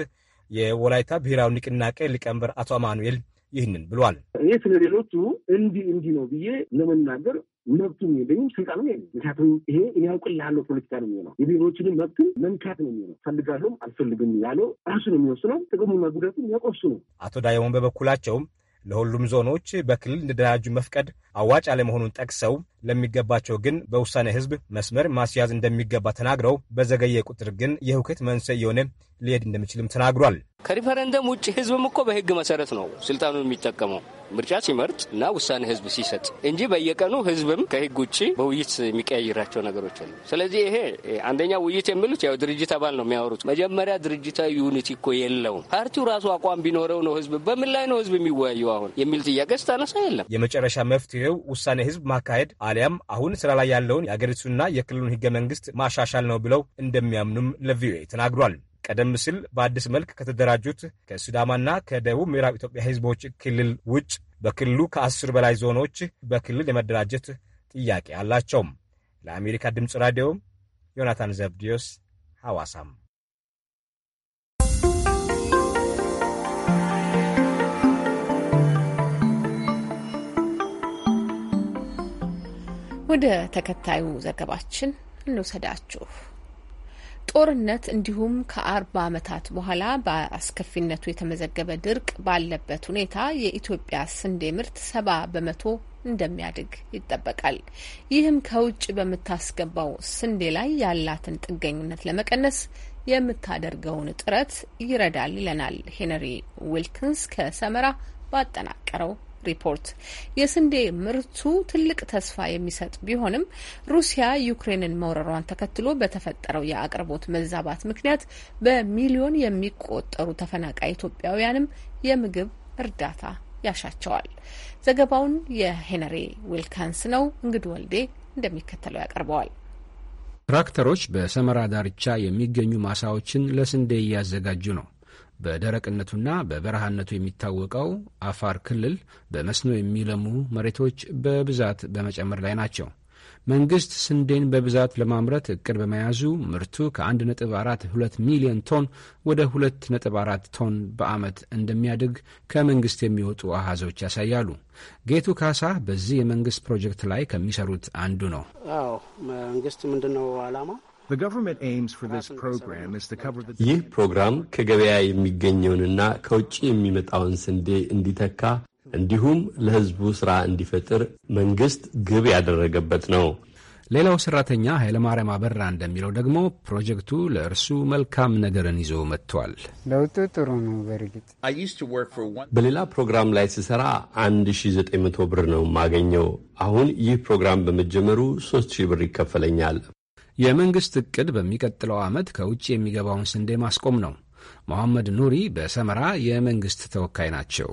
የወላይታ ብሔራዊ ንቅናቄ ሊቀመንበር አቶ አማኑኤል ይህንን ብሏል። እኔ ስለ ሌሎቹ እንዲህ እንዲህ ነው ብዬ ለመናገር መብቱም የለኝም ስልጣንም የለኝም። ምክንያቱም ይሄ እኔ ያውቅልሃለሁ ፖለቲካ ነው የሚሆነው የብሔሮችንም መብትን መንካት ነው የሚሆነው። ፈልጋለሁም አልፈልግም ያለው ራሱ ነው የሚወስነው። ጥቅሙና ጉዳቱ የሚያቆሱ ነው። አቶ ዳየሞን በበኩላቸውም ለሁሉም ዞኖች በክልል እንደደራጁ መፍቀድ አዋጭ አለመሆኑን ጠቅሰው ለሚገባቸው ግን በውሳኔ ሕዝብ መስመር ማስያዝ እንደሚገባ ተናግረው በዘገየ ቁጥር ግን የህውከት መንስኤ የሆነ ሊሄድ እንደሚችልም ተናግሯል። ከሪፈረንደም ውጭ ህዝብም እኮ በህግ መሰረት ነው ስልጣኑን የሚጠቀመው ምርጫ ሲመርጥ እና ውሳኔ ህዝብ ሲሰጥ እንጂ በየቀኑ ህዝብም ከህግ ውጭ በውይይት የሚቀያይራቸው ነገሮች አሉ። ስለዚህ ይሄ አንደኛ ውይይት የሚሉት ያው ድርጅት አባል ነው የሚያወሩት። መጀመሪያ ድርጅታዊ ዩኒቲ እኮ የለውም። ፓርቲው ራሱ አቋም ቢኖረው ነው ህዝብ በምን ላይ ነው ህዝብ የሚወያየው አሁን የሚል ጥያቄ ስታነሳ የለም። የመጨረሻ መፍትሄው ውሳኔ ህዝብ ማካሄድ አሊያም አሁን ስራ ላይ ያለውን የአገሪቱና የክልሉን ህገ መንግስት ማሻሻል ነው ብለው እንደሚያምኑም ለቪኦኤ ተናግሯል። ቀደም ሲል በአዲስ መልክ ከተደራጁት ከሲዳማና ከደቡብ ምዕራብ ኢትዮጵያ ህዝቦች ክልል ውጭ በክልሉ ከአስር በላይ ዞኖች በክልል የመደራጀት ጥያቄ አላቸው። ለአሜሪካ ድምፅ ራዲዮ ዮናታን ዘብዲዮስ ሐዋሳም ወደ ተከታዩ ዘገባችን እንውሰዳችሁ። ጦርነት እንዲሁም ከአርባ ዓመታት በኋላ በአስከፊነቱ የተመዘገበ ድርቅ ባለበት ሁኔታ የኢትዮጵያ ስንዴ ምርት ሰባ በመቶ እንደሚያድግ ይጠበቃል። ይህም ከውጭ በምታስገባው ስንዴ ላይ ያላትን ጥገኝነት ለመቀነስ የምታደርገውን ጥረት ይረዳል ይለናል ሄነሪ ዊልኪንስ ከሰመራ ባጠናቀረው ሪፖርት የስንዴ ምርቱ ትልቅ ተስፋ የሚሰጥ ቢሆንም ሩሲያ ዩክሬንን መውረሯን ተከትሎ በተፈጠረው የአቅርቦት መዛባት ምክንያት በሚሊዮን የሚቆጠሩ ተፈናቃይ ኢትዮጵያውያንም የምግብ እርዳታ ያሻቸዋል። ዘገባውን የሄነሪ ዊልካንስ ነው። እንግድ ወልዴ እንደሚከተለው ያቀርበዋል። ትራክተሮች በሰመራ ዳርቻ የሚገኙ ማሳዎችን ለስንዴ እያዘጋጁ ነው። በደረቅነቱና በበረሃነቱ የሚታወቀው አፋር ክልል በመስኖ የሚለሙ መሬቶች በብዛት በመጨመር ላይ ናቸው። መንግሥት ስንዴን በብዛት ለማምረት እቅድ በመያዙ ምርቱ ከ1.42 ሚሊዮን ቶን ወደ 2.4 ቶን በዓመት እንደሚያድግ ከመንግሥት የሚወጡ አሃዞች ያሳያሉ። ጌቱ ካሳ በዚህ የመንግሥት ፕሮጀክት ላይ ከሚሰሩት አንዱ ነው። አዎ መንግሥት ምንድን ነው ዓላማ ይህ ፕሮግራም ከገበያ የሚገኘውንና ከውጭ የሚመጣውን ስንዴ እንዲተካ እንዲሁም ለሕዝቡ ሥራ እንዲፈጥር መንግሥት ግብ ያደረገበት ነው። ሌላው ሠራተኛ ኃይለማርያም አበራ እንደሚለው ደግሞ ፕሮጀክቱ ለእርሱ መልካም ነገርን ይዞ መጥቷል። ለውጡ ጥሩ ነው። በእርግጥ በሌላ ፕሮግራም ላይ ስሠራ 1900 ብር ነው የማገኘው። አሁን ይህ ፕሮግራም በመጀመሩ 3000 ብር ይከፈለኛል። የመንግስት እቅድ በሚቀጥለው ዓመት ከውጭ የሚገባውን ስንዴ ማስቆም ነው። መሐመድ ኑሪ በሰመራ የመንግስት ተወካይ ናቸው።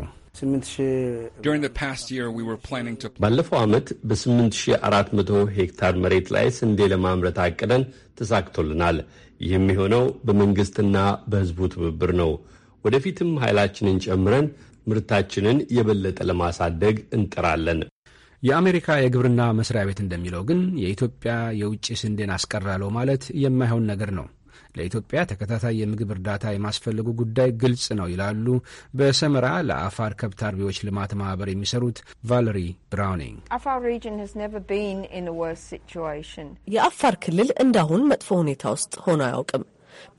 ባለፈው ዓመት በ8400 ሄክታር መሬት ላይ ስንዴ ለማምረት አቅደን ተሳክቶልናል። ይህም የሆነው በመንግስትና በህዝቡ ትብብር ነው። ወደፊትም ኃይላችንን ጨምረን ምርታችንን የበለጠ ለማሳደግ እንጥራለን። የአሜሪካ የግብርና መስሪያ ቤት እንደሚለው ግን የኢትዮጵያ የውጭ ስንዴን አስቀራለሁ ማለት የማይሆን ነገር ነው። ለኢትዮጵያ ተከታታይ የምግብ እርዳታ የማስፈለጉ ጉዳይ ግልጽ ነው ይላሉ በሰመራ ለአፋር ከብት አርቢዎች ልማት ማህበር የሚሰሩት ቫለሪ ብራውኒንግ። የአፋር ክልል እንዳሁን መጥፎ ሁኔታ ውስጥ ሆኖ አያውቅም።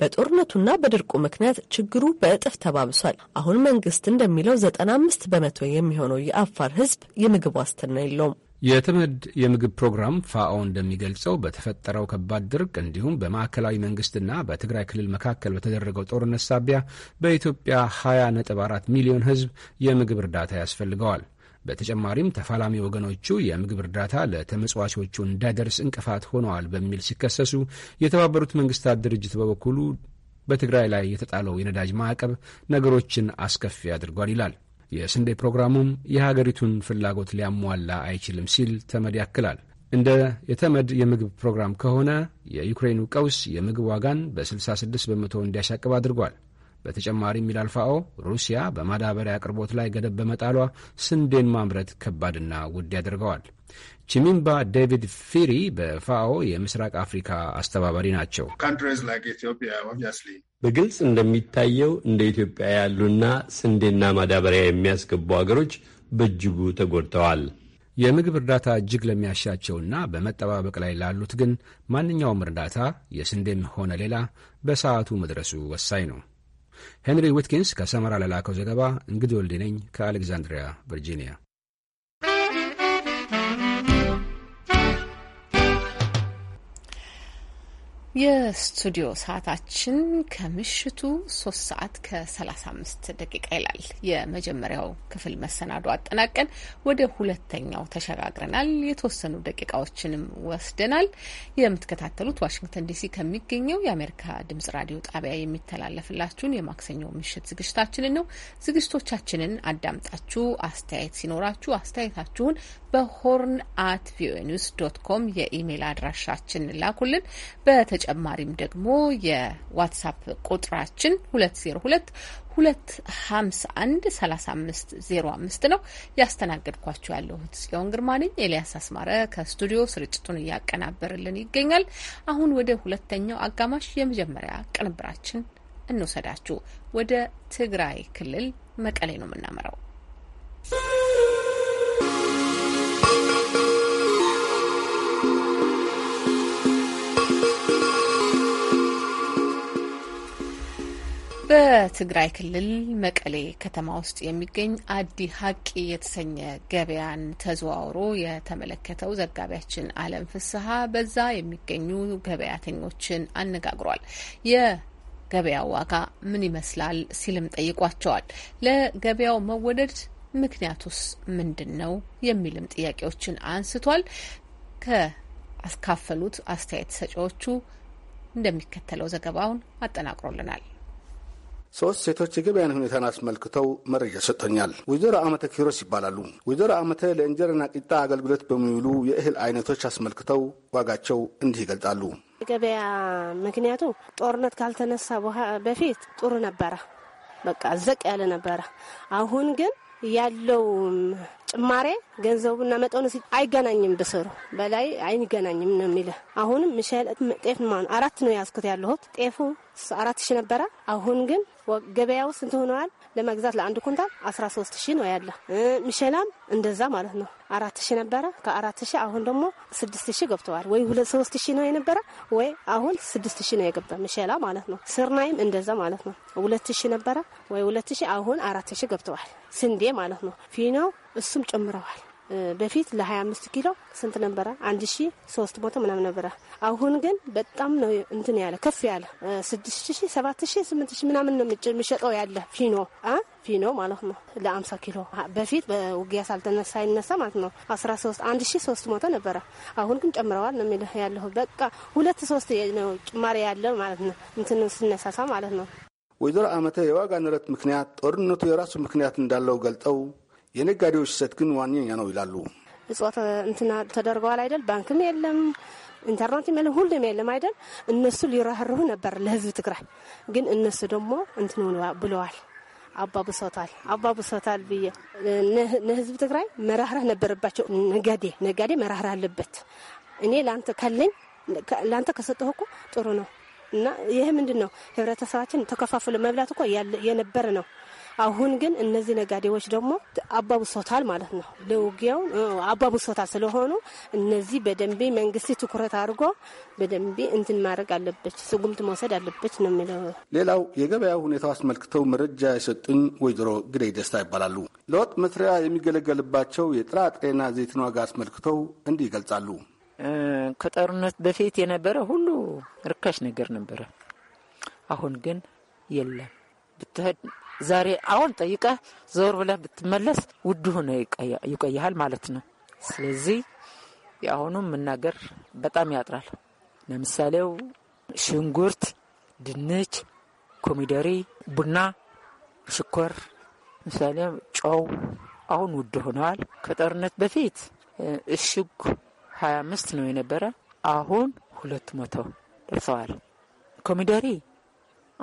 በጦርነቱና በድርቁ ምክንያት ችግሩ በእጥፍ ተባብሷል። አሁን መንግስት እንደሚለው ዘጠና በመቶ የሚሆነው የአፋር ህዝብ የምግብ ዋስትና የለውም። የተመድ የምግብ ፕሮግራም ፋኦ እንደሚገልጸው በተፈጠረው ከባድ ድርቅ እንዲሁም በማዕከላዊ መንግስትና በትግራይ ክልል መካከል በተደረገው ጦርነት ሳቢያ በኢትዮጵያ 20.4 ሚሊዮን ህዝብ የምግብ እርዳታ ያስፈልገዋል። በተጨማሪም ተፋላሚ ወገኖቹ የምግብ እርዳታ ለተመጽዋቾቹ እንዳይደርስ እንቅፋት ሆነዋል በሚል ሲከሰሱ፣ የተባበሩት መንግስታት ድርጅት በበኩሉ በትግራይ ላይ የተጣለው የነዳጅ ማዕቀብ ነገሮችን አስከፊ አድርጓል ይላል። የስንዴ ፕሮግራሙም የሀገሪቱን ፍላጎት ሊያሟላ አይችልም ሲል ተመድ ያክላል። እንደ የተመድ የምግብ ፕሮግራም ከሆነ የዩክሬኑ ቀውስ የምግብ ዋጋን በ66 በመቶ እንዲያሻቅብ አድርጓል። በተጨማሪም ይላል ፋኦ ሩሲያ በማዳበሪያ አቅርቦት ላይ ገደብ በመጣሏ ስንዴን ማምረት ከባድና ውድ ያደርገዋል። ቺሚምባ ዴቪድ ፊሪ በፋኦ የምስራቅ አፍሪካ አስተባባሪ ናቸው። በግልጽ እንደሚታየው እንደ ኢትዮጵያ ያሉና ስንዴና ማዳበሪያ የሚያስገቡ አገሮች በእጅጉ ተጎድተዋል። የምግብ እርዳታ እጅግ ለሚያሻቸውና በመጠባበቅ ላይ ላሉት ግን ማንኛውም እርዳታ የስንዴም ሆነ ሌላ በሰዓቱ መድረሱ ወሳኝ ነው። ሄንሪ ዊትኪንስ ከሰመራ ለላከው ዘገባ እንግዲህ ወልዴ ነኝ ከአሌክዛንድሪያ ቨርጂኒያ የስቱዲዮ ሰዓታችን ከምሽቱ ሶስት ሰዓት ከሰላሳ አምስት ደቂቃ ይላል። የመጀመሪያው ክፍል መሰናዶ አጠናቀን ወደ ሁለተኛው ተሸጋግረናል። የተወሰኑ ደቂቃዎችንም ወስደናል። የምትከታተሉት ዋሽንግተን ዲሲ ከሚገኘው የአሜሪካ ድምጽ ራዲዮ ጣቢያ የሚተላለፍላችሁን የማክሰኞ ምሽት ዝግጅታችንን ነው። ዝግጅቶቻችንን አዳምጣችሁ አስተያየት ሲኖራችሁ አስተያየታችሁን በሆርን አት ቪኦኤ ኒውስ ዶት ኮም የኢሜይል አድራሻችን ላኩልን። በተጨማሪም ደግሞ የዋትሳፕ ቁጥራችን 202 ዜሮ አምስት ነው። ያስተናገድኳችሁ ያለሁት ጽዮን ግርማ ነኝ። ኤልያስ አስማረ ከስቱዲዮ ስርጭቱን እያቀናበርልን ይገኛል። አሁን ወደ ሁለተኛው አጋማሽ የመጀመሪያ ቅንብራችን እንውሰዳችሁ። ወደ ትግራይ ክልል መቀሌ ነው የምናመራው። በትግራይ ክልል መቀሌ ከተማ ውስጥ የሚገኝ አዲ ሀቂ የተሰኘ ገበያን ተዘዋውሮ የተመለከተው ዘጋቢያችን አለም ፍስሀ በዛ የሚገኙ ገበያተኞችን አነጋግሯል። የገበያው ዋጋ ምን ይመስላል ሲልም ጠይቋቸዋል። ለገበያው መወደድ ምክንያቱስ ምንድን ነው የሚልም ጥያቄዎችን አንስቷል። ከአስካፈሉት አስተያየት ሰጪዎቹ እንደሚከተለው ዘገባውን አጠናቅሮልናል። ሶስት ሴቶች የገበያን ሁኔታን አስመልክተው መረጃ ሰጥቶኛል። ወይዘሮ አመተ ኪሮስ ይባላሉ። ወይዘሮ አመተ ለእንጀራና ቂጣ አገልግሎት በሚውሉ የእህል አይነቶች አስመልክተው ዋጋቸው እንዲህ ይገልጣሉ። የገበያ ምክንያቱ ጦርነት ካልተነሳ በፊት ጥሩ ነበረ፣ በቃ ዘቅ ያለ ነበረ። አሁን ግን ያለው ጭማሬ ገንዘቡና መጠኑ አይገናኝም። ብስሩ በላይ አይገናኝም ነው የሚለ አሁንም ሚሻል ጤፍ ማን አራት ነው ያዝኩት ያለሁት ጤፉ አራት ሺ ነበረ። አሁን ግን ገበያው ስንት ሆነዋል? ለመግዛት ለአንድ ኩንታል 13 ሺ ነው ያለ። ምሸላም እንደዛ ማለት ነው። አራት ሺ ነበረ። ከአራት ሺ አሁን ደግሞ ስድስት ሺ ገብተዋል። ወይ ሁለት ሶስት ሺ ነው የነበረ ወይ አሁን ስድስት ሺ ነው የገባ ምሸላ ማለት ነው። ስርናይም እንደዛ ማለት ነው። ሁለት ሺ ነበረ ወይ ሁለት ሺ አሁን አራት ሺ ገብተዋል። ስንዴ ማለት ነው። ፊኖ እሱም ጨምረዋል። በፊት ለ25 ኪሎ ስንት ነበረ? አንድ ሺ ሶስት መቶ ምናምን ነበረ። አሁን ግን በጣም ነው እንትን ያለ ከፍ ያለ ስድስት ሺ ሰባት ሺ ስምንት ሺ ምናምን ነው የሚሸጠው ያለ ፊኖ ፊኖ ማለት ነው ለአምሳ ኪሎ በፊት በውጊያ ሳልተነሳ ይነሳ ማለት ነው ሶስት አንድ ሺ ሶስት መቶ ነበረ። አሁን ግን ጨምረዋል ነው የሚልህ ያለሁ በቃ ሁለት ሶስት ነው ጭማሪ ያለ ማለት ነው እንትን ስነሳሳ ማለት ነው። ወይዘሮ አመተ የዋጋ ንረት ምክንያት ጦርነቱ የራሱ ምክንያት እንዳለው ገልጠው የነጋዴዎች ሰት ግን ዋነኛ ነው ይላሉ። እጽዋት እንትና ተደርገዋል አይደል? ባንክም የለም ኢንተርኔትም የለም ሁሉም የለም አይደል? እነሱ ሊራህርሁ ነበር ለህዝብ ትግራይ። ግን እነሱ ደግሞ እንትን ብለዋል፣ አባብሶታል አባብሶታል ብዬ ለህዝብ ትግራይ መራህራህ ነበረባቸው። ነጋዴ ነጋዴ መራህራህ አለበት። እኔ ለአንተ ካለኝ ለአንተ ከሰጠሁ እኮ ጥሩ ነው እና ይህ ምንድን ነው ህብረተሰባችን ተከፋፍሎ መብላት እኮ የነበረ ነው አሁን ግን እነዚህ ነጋዴዎች ደግሞ አባብሶታል ማለት ነው። ለውጊያው አባብሶታል ስለሆኑ እነዚህ በደንብ መንግስት ትኩረት አድርጎ በደንብ እንትን ማድረግ አለበች፣ ስጉምት መውሰድ አለበች ነው የሚለው። ሌላው የገበያ ሁኔታው አስመልክተው መረጃ የሰጡኝ ወይዘሮ ግደይ ደስታ ይባላሉ። ለወጥ መስሪያ የሚገለገልባቸው የጥራጥሬና ዘይትን ዋጋ አስመልክተው እንዲህ ይገልጻሉ። ከጦርነት በፊት የነበረ ሁሉ ርካሽ ነገር ነበረ። አሁን ግን የለም ብትሄድ ዛሬ አሁን ጠይቀ ዞር ብለህ ብትመለስ ውድ ሆነ ይቆይሃል ማለት ነው። ስለዚህ የአሁኑ መናገር በጣም ያጥራል። ለምሳሌው ሽንኩርት፣ ድንች፣ ኮሚደሪ፣ ቡና፣ ሽኮር ምሳሌ ጨው አሁን ውድ ሆነዋል። ከጦርነት በፊት እሽግ ሀያ አምስት ነው የነበረ አሁን ሁለት መቶ ደርሰዋል። ኮሚደሪ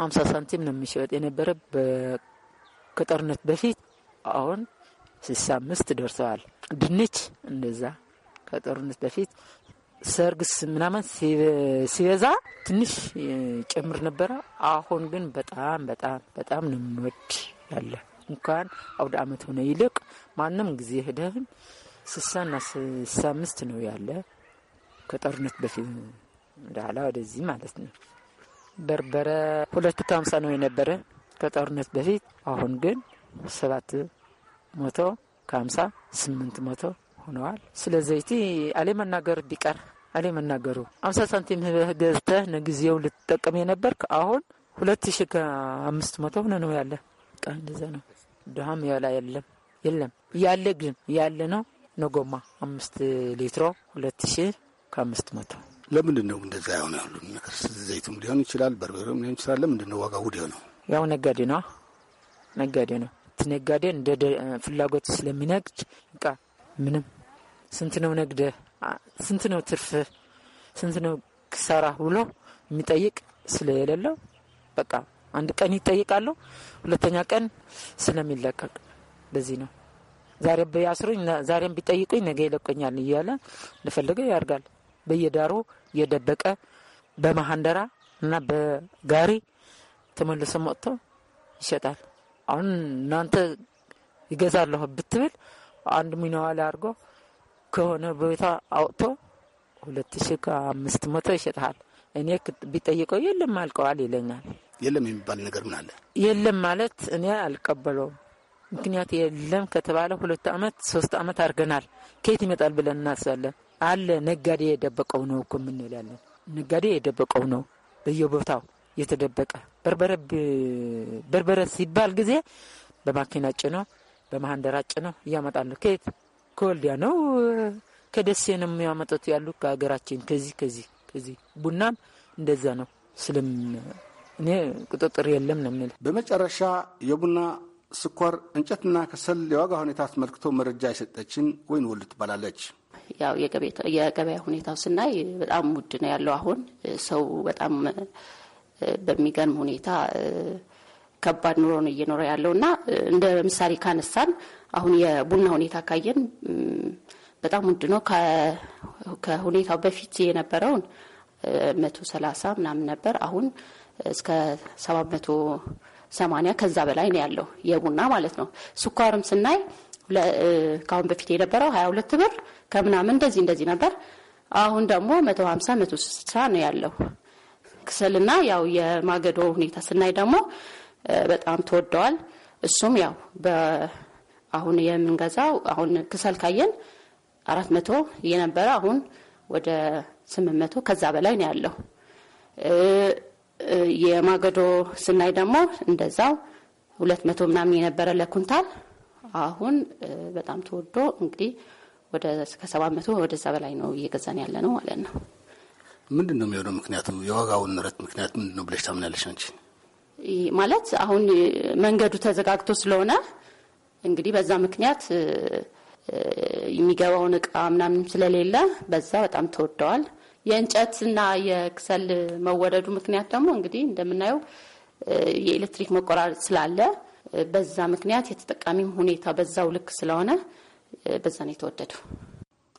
አምሳ ሳንቲም ነው የሚሸጥ የነበረ ከጦርነት በፊት አሁን ስልሳ አምስት ደርሰዋል። ድንች እንደዛ ከጦርነት በፊት ሰርግስ ምናምን ሲበዛ ትንሽ ጨምር ነበረ። አሁን ግን በጣም በጣም በጣም ነው የምንወድ ያለ እንኳን አውደ አመት ሆነ ይልቅ ማንም ጊዜ ሄደህም ስሳና ስሳ አምስት ነው ያለ ከጦርነት በፊት ወደኋላ ወደዚህ ማለት ነው። በርበረ ሁለት መቶ ሃምሳ ነው የነበረ ከጦርነት በፊት አሁን ግን ሰባት መቶ ከሀምሳ ስምንት መቶ ሆነዋል። ስለዚህ እቲ አሌ መናገር ቢቀር አሌ መናገሩ አምሳ ሳንቲም ገዝተህ ነጊዜው ልትጠቀም የነበርክ አሁን ሁለት ሺ ከአምስት መቶ ሆነ ነው ያለ። በቃ እንደዛ ነው። ድሃም ያላ የለም የለም ያለ ግን ያለ ነው ነጎማ አምስት ሊትሮ ሁለት ሺ ከአምስት መቶ ለምንድን ነው እንደዛ የሆነ ያሉ ነገር? ዘይቱም ሊሆን ይችላል፣ በርበሬም ሊሆን ይችላል። ለምንድን ነው ዋጋ ውድ የሆነው? ያው ነጋዴ ነው ነጋዴ ነው። ነጋዴ እንደ ፍላጎት ስለሚነግድ በቃ ምንም ስንት ነው ነግደ ስንት ነው ትርፍ ስንት ነው ክሳራ ብሎ የሚጠይቅ ስለሌለው በቃ አንድ ቀን ይጠይቃለሁ፣ ሁለተኛ ቀን ስለሚለቀቅ በዚህ ነው። ዛሬ ቢያስሩኝ ዛሬም ቢጠይቁኝ ነገ ይለቆኛል እያለ እንደፈለገ ያርጋል። በየዳሩ የደበቀ በመሀንደራ እና በጋሪ ተመለሰ መጥተው ይሸጣል። አሁን እናንተ ይገዛለሁ ብትብል አንድ ሚናዋ ላይ አድርጎ ከሆነ ቦታ አውጥቶ ሁለት ሺ ከአምስት መቶ ይሸጥሃል። እኔ ቢጠይቀው የለም አልቀዋል ይለኛል። የለም የሚባል ነገር ምን አለ? የለም ማለት እኔ አልቀበለውም። ምክንያት የለም ከተባለ ሁለት አመት ሶስት አመት አድርገናል። ከየት ይመጣል ብለን እናስባለን። አለ ነጋዴ የደበቀው ነው እኮ የምንላለን። ነጋዴ የደበቀው ነው በየቦታው የተደበቀ በርበረ ሲባል ጊዜ በማኪና ጭኖ በማህንደራ ጭኖ እያመጣሉ። ከየት ከወልዲያ ነው ከደሴ ነው የሚያመጡት ያሉ ከሀገራችን ከዚህ ከዚህ ከዚህ ቡናም እንደዛ ነው። ስልም እኔ ቁጥጥር የለም ነው የሚል። በመጨረሻ የቡና ስኳር፣ እንጨትና ከሰል የዋጋ ሁኔታ አስመልክቶ መረጃ የሰጠችን ወይን ወልድ ትባላለች። ያው የገበያ ሁኔታው ስናይ በጣም ውድ ነው ያለው። አሁን ሰው በጣም በሚገርም ሁኔታ ከባድ ኑሮ ነው እየኖረ ያለው እና እንደ ምሳሌ ካነሳን አሁን የቡና ሁኔታ ካየን በጣም ውድ ነው። ከሁኔታው በፊት የነበረውን መቶ ሰላሳ ምናምን ነበር። አሁን እስከ ሰባት መቶ ሰማኒያ ከዛ በላይ ነው ያለው የቡና ማለት ነው። ስኳርም ስናይ ከአሁን በፊት የነበረው ሀያ ሁለት ብር ከምናምን እንደዚህ እንደዚህ ነበር። አሁን ደግሞ መቶ ሀምሳ መቶ ስልሳ ነው ያለው ክሰልና ያው የማገዶ ሁኔታ ስናይ ደግሞ በጣም ተወደዋል። እሱም ያው አሁን የምንገዛው አሁን ክሰል ካየን አራት መቶ የነበረ አሁን ወደ ስምንት መቶ ከዛ በላይ ነው ያለው። የማገዶ ስናይ ደግሞ እንደዛው ሁለት መቶ ምናምን የነበረ ለኩንታል አሁን በጣም ተወዶ እንግዲህ ወደ ከሰባት መቶ ወደዛ በላይ ነው እየገዛን ያለ ነው ማለት ነው። ምንድን ነው የሚሆነው? ምክንያቱ የዋጋውን ንረት ምክንያት ምንድን ነው ብለሽ ታምናለሽ አንቺ? ማለት አሁን መንገዱ ተዘጋግቶ ስለሆነ እንግዲህ በዛ ምክንያት የሚገባውን እቃ ምናምን ስለሌለ በዛ በጣም ተወደዋል። የእንጨትና የክሰል መወደዱ ምክንያት ደግሞ እንግዲህ እንደምናየው የኤሌክትሪክ መቆራረጥ ስላለ በዛ ምክንያት የተጠቃሚም ሁኔታ በዛው ልክ ስለሆነ በዛ ነው የተወደደው።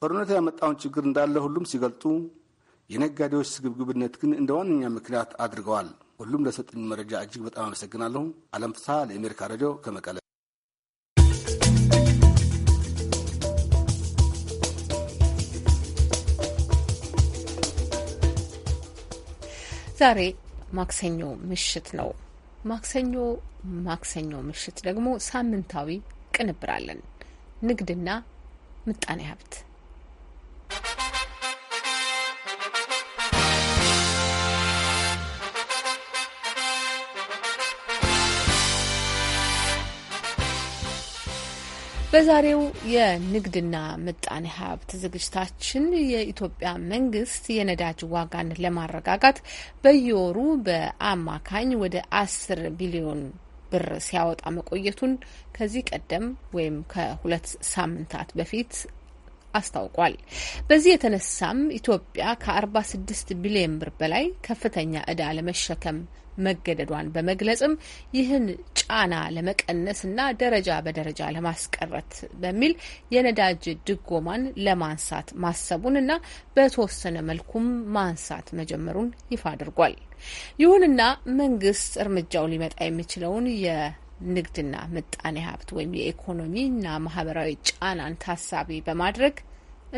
ጦርነት ያመጣውን ችግር እንዳለ ሁሉም ሲገልጡ የነጋዴዎች ስግብግብነት ግን እንደ ዋነኛ ምክንያት አድርገዋል። ሁሉም ለሰጠኝ መረጃ እጅግ በጣም አመሰግናለሁ። አለም ፍስሐ ለአሜሪካ ሬዲዮ ከመቀለ። ዛሬ ማክሰኞ ምሽት ነው። ማክሰኞ ማክሰኞ ምሽት ደግሞ ሳምንታዊ ቅንብር አለን። ንግድና ምጣኔ ሀብት በዛሬው የንግድና ምጣኔ ሀብት ዝግጅታችን የኢትዮጵያ መንግስት የነዳጅ ዋጋን ለማረጋጋት በየወሩ በአማካኝ ወደ አስር ቢሊዮን ብር ሲያወጣ መቆየቱን ከዚህ ቀደም ወይም ከሁለት ሳምንታት በፊት አስታውቋል። በዚህ የተነሳም ኢትዮጵያ ከ46 ቢሊዮን ብር በላይ ከፍተኛ እዳ ለመሸከም መገደዷን በመግለጽም ይህን ጫና ለመቀነስ እና ደረጃ በደረጃ ለማስቀረት በሚል የነዳጅ ድጎማን ለማንሳት ማሰቡን እና በተወሰነ መልኩም ማንሳት መጀመሩን ይፋ አድርጓል። ይሁንና መንግስት እርምጃው ሊመጣ የሚችለውን የንግድና ምጣኔ ሀብት ወይም የኢኮኖሚና ማህበራዊ ጫናን ታሳቢ በማድረግ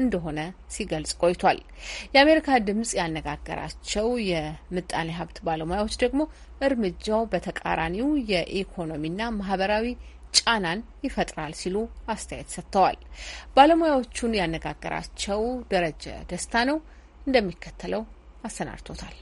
እንደሆነ ሲገልጽ ቆይቷል። የአሜሪካ ድምጽ ያነጋገራቸው የምጣኔ ሀብት ባለሙያዎች ደግሞ እርምጃው በተቃራኒው የኢኮኖሚና ማህበራዊ ጫናን ይፈጥራል ሲሉ አስተያየት ሰጥተዋል። ባለሙያዎቹን ያነጋገራቸው ደረጀ ደስታ ነው፣ እንደሚከተለው አሰናድቶታል።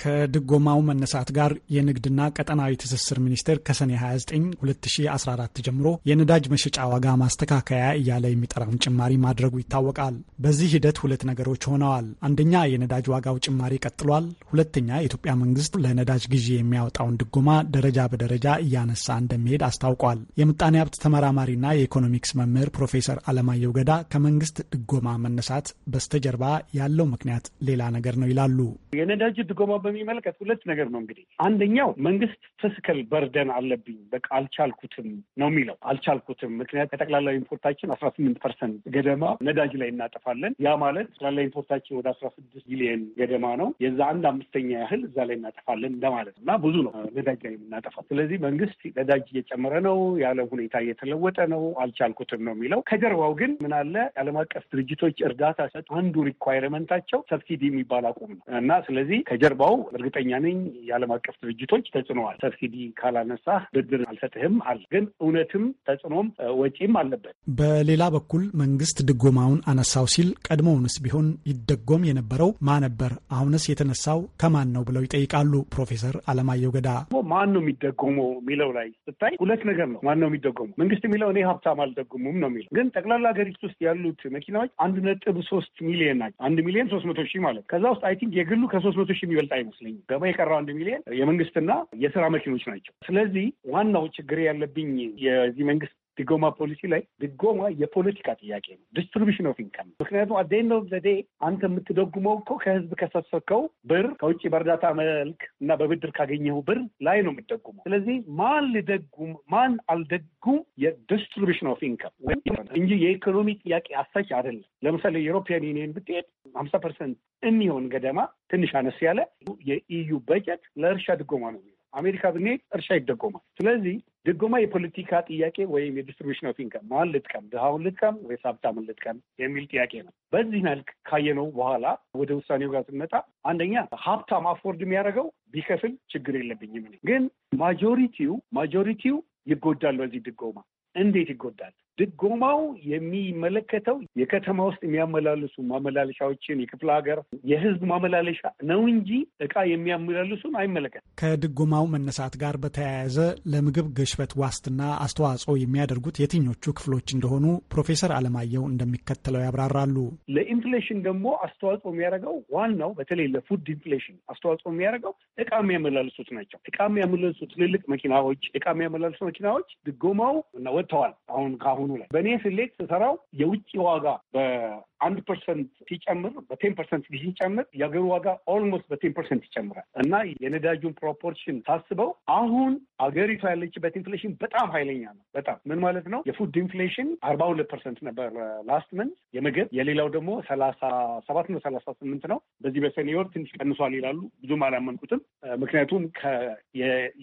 ከድጎማው መነሳት ጋር የንግድና ቀጠናዊ ትስስር ሚኒስቴር ከሰኔ 29 2014 ጀምሮ የነዳጅ መሸጫ ዋጋ ማስተካከያ እያለ የሚጠራውን ጭማሪ ማድረጉ ይታወቃል። በዚህ ሂደት ሁለት ነገሮች ሆነዋል። አንደኛ የነዳጅ ዋጋው ጭማሪ ቀጥሏል። ሁለተኛ የኢትዮጵያ መንግስት ለነዳጅ ግዢ የሚያወጣውን ድጎማ ደረጃ በደረጃ እያነሳ እንደሚሄድ አስታውቋል። የምጣኔ ሀብት ተመራማሪና የኢኮኖሚክስ መምህር ፕሮፌሰር አለማየሁ ገዳ ከመንግስት ድጎማ መነሳት በስተጀርባ ያለው ምክንያት ሌላ ነገር ነው ይላሉ። የነዳጅ ድጎማ በሚመለከት ሁለት ነገር ነው እንግዲህ አንደኛው መንግስት ፊስካል በርደን አለብኝ በቃ አልቻልኩትም ነው የሚለው አልቻልኩትም። ምክንያት ከጠቅላላ ኢምፖርታችን አስራ ስምንት ፐርሰንት ገደማ ነዳጅ ላይ እናጠፋለን። ያ ማለት ጠቅላላ ኢምፖርታችን ወደ አስራ ስድስት ቢሊየን ገደማ ነው። የዛ አንድ አምስተኛ ያህል እዛ ላይ እናጠፋለን እንደማለት እና ብዙ ነው ነዳጅ ላይ የምናጠፋ ስለዚህ መንግስት ነዳጅ እየጨመረ ነው ያለ ሁኔታ እየተለወጠ ነው አልቻልኩትም ነው የሚለው። ከጀርባው ግን ምናለ አለ? የዓለም አቀፍ ድርጅቶች እርዳታ አንዱ ሪኳይርመንታቸው ሰብሲዲ የሚባል አቁም ነው እና ስለዚህ ከጀርባው እርግጠኛ ነኝ የዓለም አቀፍ ድርጅቶች ተጽዕኖዋል። ሰብሲዲ ካላነሳ ብድር አልሰጥህም አለ። ግን እውነትም ተጽዕኖም ወጪም አለበት። በሌላ በኩል መንግስት ድጎማውን አነሳው ሲል ቀድሞውንስ ቢሆን ይደጎም የነበረው ማ ነበር? አሁንስ የተነሳው ከማን ነው ብለው ይጠይቃሉ ፕሮፌሰር አለማየሁ ገዳ። ማን ነው የሚደጎመው የሚለው ላይ ስታይ ሁለት ነገር ነው። ማን ነው የሚደጎመው? መንግስት የሚለው እኔ ሀብታም አልደጎሙም ነው የሚለው። ግን ጠቅላላ ሀገሪቱ ውስጥ ያሉት መኪናዎች አንድ ነጥብ ሶስት ሚሊዮን ናቸው። አንድ ሚሊዮን ሶስት መቶ ሺህ ማለት ከዛ ውስጥ አይ ቲንክ የግሉ ከሶስት መቶ ሺህ የሚበልጥ አይመስለኝም። ደግሞ የቀረው አንድ ሚሊዮን የመንግስትና የስራ መኪኖች ናቸው። ስለዚህ ዋናው ችግር ያለብኝ የዚህ መንግስት ድጎማ ፖሊሲ ላይ ድጎማ የፖለቲካ ጥያቄ ነው፣ ዲስትሪቢሽን ኦፍ ኢንካም። ምክንያቱም አደይን ኦፍ ዘዴ አንተ የምትደጉመው እኮ ከህዝብ ከሰሰከው ብር ከውጭ በእርዳታ መልክ እና በብድር ካገኘው ብር ላይ ነው የምትደጉመው። ስለዚህ ማን ልደጉም ማን አልደጉም የዲስትሪቢሽን ኦፍ ኢንካም እንጂ የኢኮኖሚ ጥያቄ አሳች አይደለም። ለምሳሌ ዩሮፒያን ዩኒየን ብትሄድ ሀምሳ ፐርሰንት የሚሆን ገደማ ትንሽ አነስ ያለ የኢዩ በጀት ለእርሻ ድጎማ ነው። አሜሪካ ብንሄድ እርሻ ይደጎማል። ስለዚህ ድጎማ የፖለቲካ ጥያቄ ወይም የዲስትሪቢሽን ኦፍ ኢንካም ማን ልጥቀም፣ ድሃውን ልጥቀም ወይስ ሀብታምን ልጥቀም የሚል ጥያቄ ነው። በዚህ መልክ ካየነው በኋላ ወደ ውሳኔው ጋር ስንመጣ አንደኛ ሀብታም አፎርድ የሚያደርገው ቢከፍል ችግር የለብኝም፣ ግን ማጆሪቲው ማጆሪቲው ይጎዳል። በዚህ ድጎማ እንዴት ይጎዳል? ድጎማው የሚመለከተው የከተማ ውስጥ የሚያመላልሱ ማመላለሻዎችን የክፍለ ሀገር የህዝብ ማመላለሻ ነው እንጂ እቃ የሚያመላልሱን አይመለከትም። ከድጎማው መነሳት ጋር በተያያዘ ለምግብ ግሽበት ዋስትና አስተዋጽኦ የሚያደርጉት የትኞቹ ክፍሎች እንደሆኑ ፕሮፌሰር አለማየሁ እንደሚከተለው ያብራራሉ። ለኢንፍሌሽን ደግሞ አስተዋጽኦ የሚያደርገው ዋናው በተለይ ለፉድ ኢንፍሌሽን አስተዋጽኦ የሚያደርገው እቃ የሚያመላልሱት ናቸው። እቃ የሚያመላልሱ ትልልቅ መኪናዎች፣ እቃ የሚያመላልሱ መኪናዎች ድጎማው እና ወጥተዋል አሁን ከአሁን እንትኑ ላይ በእኔ ስሌት ስሰራው የውጭ ዋጋ በአንድ ፐርሰንት ሲጨምር በቴን ፐርሰንት ሲጨምር የአገሩ ዋጋ ኦልሞስት በቴን ፐርሰንት ይጨምራል እና የነዳጁን ፕሮፖርሽን ሳስበው አሁን አገሪቷ ያለችበት ኢንፍሌሽን በጣም ኃይለኛ ነው። በጣም ምን ማለት ነው? የፉድ ኢንፍሌሽን አርባ ሁለት ፐርሰንት ነበር ላስት መንት የምግብ የሌላው ደግሞ ሰላሳ ሰባት ነው ሰላሳ ስምንት ነው። በዚህ በሰኔ ወር ትንሽ ቀንሷል ይላሉ። ብዙም አላመንኩትም። ምክንያቱም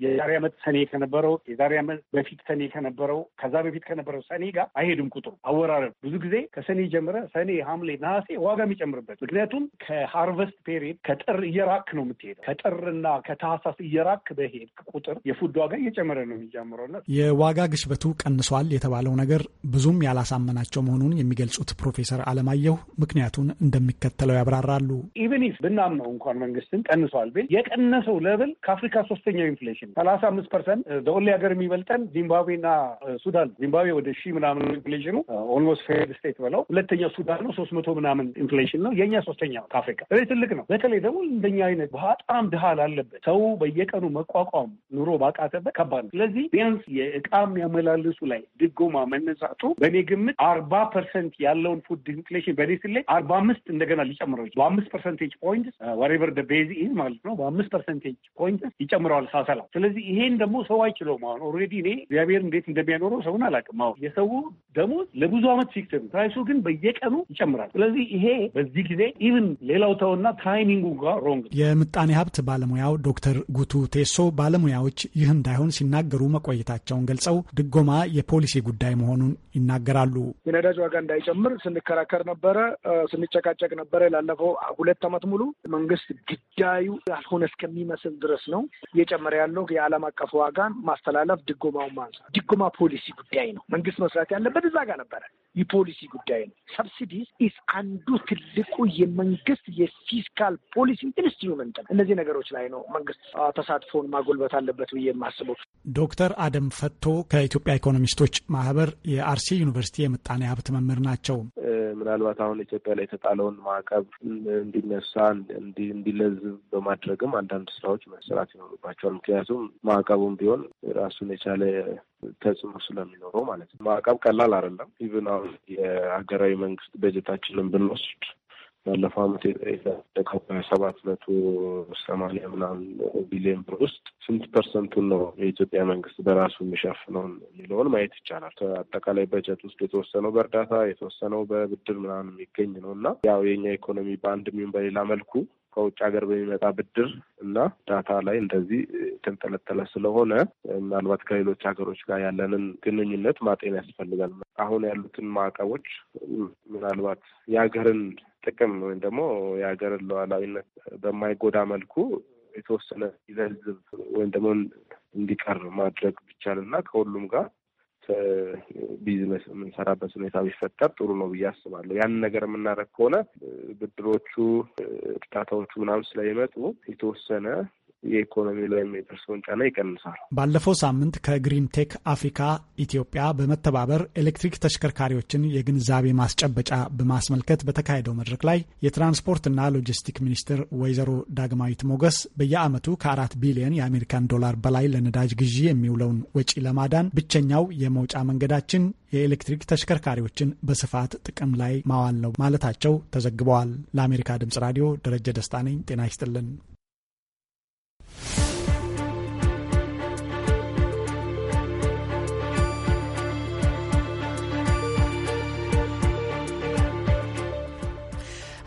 የዛሬ ዓመት ሰኔ ከነበረው የዛሬ ዓመት በፊት ሰኔ ከነበረው ከዛ በፊት ከነበረው ሰኔ ጋር አይሄድም። ቁጥሩ አወራረብ ብዙ ጊዜ ከሰኔ ጀምረ ሰኔ፣ ሐምሌ፣ ነሐሴ ዋጋ የሚጨምርበት ምክንያቱም ከሃርቨስት ፔሪድ ከጥር እየራክ ነው የምትሄደው። ከጥርና ከታህሳስ እየራክ በሄድ ቁጥር የፉድ ዋጋ እየጨመረ ነው የሚጀምረውና የዋጋ ግሽበቱ ቀንሷል የተባለው ነገር ብዙም ያላሳመናቸው መሆኑን የሚገልጹት ፕሮፌሰር አለማየሁ ምክንያቱን እንደሚከተለው ያብራራሉ። ኢቨን ኢፍ ብናምነው እንኳን መንግስትን ቀንሷል ብል የቀነሰው ለብል ከአፍሪካ ሶስተኛው ኢንፍሌሽን ሰላሳ አምስት ፐርሰንት በሁሌ ሀገር የሚበልጠን ዚምባብዌና ሱዳን ዚምባብዌ ወደ ሺ ምናምን ኢንፍሌሽኑ ኦልሞስት ፌድ ስቴት በለው። ሁለተኛው ሱዳን ነው ሶስት መቶ ምናምን ኢንፍሌሽን ነው። የእኛ ሶስተኛ ከአፍሪካ ስለዚህ ትልቅ ነው። በተለይ ደግሞ እንደኛ አይነት በጣም ድሃ ላለበት ሰው በየቀኑ መቋቋም ኑሮ ባቃተበት ከባድ ነው። ስለዚህ ቢያንስ የእቃ የሚያመላልሱ ላይ ድጎማ መነሳቱ በእኔ ግምት አርባ ፐርሰንት ያለውን ፉድ ኢንፍሌሽን በእኔ ስሌት አርባ አምስት እንደገና ሊጨምረው በአምስት ፐርሰንቴጅ ፖይንት ወሬቨር ቤዝ ኢዝ ማለት ነው በአምስት ፐርሰንቴጅ ፖይንት ይጨምረዋል ሳሰላ። ስለዚህ ይሄን ደግሞ ሰው አይችለውም። አሁን ኦልሬዲ እኔ እግዚአብሔር እንዴት እንደሚያኖረው ሰውን አላውቅም። አሁን የሰው የሰው ደሞዝ ለብዙ ዓመት ፊክስድ ነው። ፕራይሱ ግን በየቀኑ ይጨምራል። ስለዚህ ይሄ በዚህ ጊዜ ኢቭን ሌላው ተውና ታይሚንጉ ጋር ሮንግ። የምጣኔ ሀብት ባለሙያው ዶክተር ጉቱ ቴሶ ባለሙያዎች ይህ እንዳይሆን ሲናገሩ መቆየታቸውን ገልጸው ድጎማ የፖሊሲ ጉዳይ መሆኑን ይናገራሉ። የነዳጅ ዋጋ እንዳይጨምር ስንከራከር ነበረ፣ ስንጨቃጨቅ ነበረ። ላለፈው ሁለት ዓመት ሙሉ መንግስት ጉዳዩ ያልሆነ እስከሚመስል ድረስ ነው እየጨመረ ያለው። የዓለም አቀፍ ዋጋን ማስተላለፍ ድጎማውን ማንሳት ድጎማ ፖሊሲ ጉዳይ ነው መንግስት መስራት ያለበት እዛ ጋር ነበረ። የፖሊሲ ጉዳይ ነው። ሰብሲዲስ ኢስ አንዱ ትልቁ የመንግስት የፊስካል ፖሊሲ ኢንስትሩመንት ነው። እነዚህ ነገሮች ላይ ነው መንግስት ተሳትፎን ማጎልበት አለበት ብዬ የማስበው። ዶክተር አደም ፈቶ ከኢትዮጵያ ኢኮኖሚስቶች ማህበር የአርሲ ዩኒቨርሲቲ የምጣኔ ሀብት መምህር ናቸው። ምናልባት አሁን ኢትዮጵያ ላይ የተጣለውን ማዕቀብ እንዲነሳ እንዲለዝብ በማድረግም አንዳንድ ስራዎች መሰራት ይኖርባቸዋል። ምክንያቱም ማዕቀቡም ቢሆን ራሱን የቻለ ተጽዕኖ ስለሚኖረው ማለት ነው። ማዕቀብ ቀላል አይደለም። ኢቭን አሁን የሀገራዊ መንግስት በጀታችንን ብንወስድ ባለፈው ዓመት የተደቀው ሰባት መቶ ሰማንያ ምናምን ቢሊዮን ብር ውስጥ ስንት ፐርሰንቱን ነው የኢትዮጵያ መንግስት በራሱ የሚሸፍነውን የሚለውን ማየት ይቻላል። አጠቃላይ በጀት ውስጥ የተወሰነው በእርዳታ የተወሰነው በብድር ምናምን የሚገኝ ነው እና ያው የኛ ኢኮኖሚ በአንድ ሚሆን በሌላ መልኩ ከውጭ ሀገር በሚመጣ ብድር እና ዳታ ላይ እንደዚህ የተንጠለጠለ ስለሆነ ምናልባት ከሌሎች ሀገሮች ጋር ያለንን ግንኙነት ማጤን ያስፈልጋል። አሁን ያሉትን ማዕቀቦች ምናልባት የሀገርን ጥቅም ወይም ደግሞ የሀገርን ሉዓላዊነት በማይጎዳ መልኩ የተወሰነ ይዘዝብ ወይም ደግሞ እንዲቀር ማድረግ ብቻል እና ከሁሉም ጋር ቢዝነስ የምንሰራበት ሁኔታ ቢፈጠር ጥሩ ነው ብዬ አስባለሁ። ያንን ነገር የምናደርግ ከሆነ ብድሮቹ እርዳታዎቹ ምናምን ስለሚመጡ የተወሰነ የኢኮኖሚ ላይ የሚደርሰውን ጫና ይቀንሳል። ባለፈው ሳምንት ከግሪን ቴክ አፍሪካ ኢትዮጵያ በመተባበር ኤሌክትሪክ ተሽከርካሪዎችን የግንዛቤ ማስጨበጫ በማስመልከት በተካሄደው መድረክ ላይ የትራንስፖርትና ሎጂስቲክ ሚኒስትር ወይዘሮ ዳግማዊት ሞገስ በየዓመቱ ከአራት ቢሊዮን የአሜሪካን ዶላር በላይ ለነዳጅ ግዢ የሚውለውን ወጪ ለማዳን ብቸኛው የመውጫ መንገዳችን የኤሌክትሪክ ተሽከርካሪዎችን በስፋት ጥቅም ላይ ማዋል ነው ማለታቸው ተዘግበዋል። ለአሜሪካ ድምጽ ራዲዮ ደረጀ ደስታ ነኝ። ጤና ይስጥልን።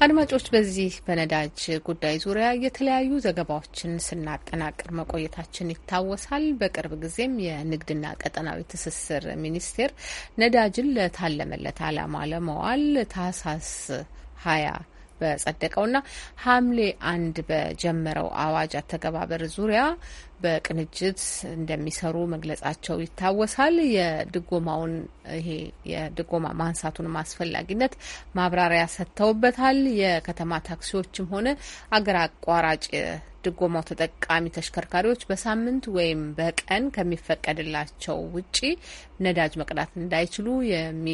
አድማጮች፣ በዚህ በነዳጅ ጉዳይ ዙሪያ የተለያዩ ዘገባዎችን ስናጠናቅር መቆየታችን ይታወሳል። በቅርብ ጊዜም የንግድና ቀጠናዊ ትስስር ሚኒስቴር ነዳጅን ለታለመለት ዓላማ ለመዋል ታህሳስ ሀያ በጸደቀውና ሐምሌ አንድ በጀመረው አዋጅ አተገባበር ዙሪያ በቅንጅት እንደሚሰሩ መግለጻቸው ይታወሳል። የድጎማውን ይሄ የድጎማ ማንሳቱን አስፈላጊነት ማብራሪያ ሰጥተውበታል። የከተማ ታክሲዎችም ሆነ አገር አቋራጭ ድጎማው ተጠቃሚ ተሽከርካሪዎች በሳምንት ወይም በቀን ከሚፈቀድላቸው ውጪ ነዳጅ መቅዳት እንዳይችሉ የሚ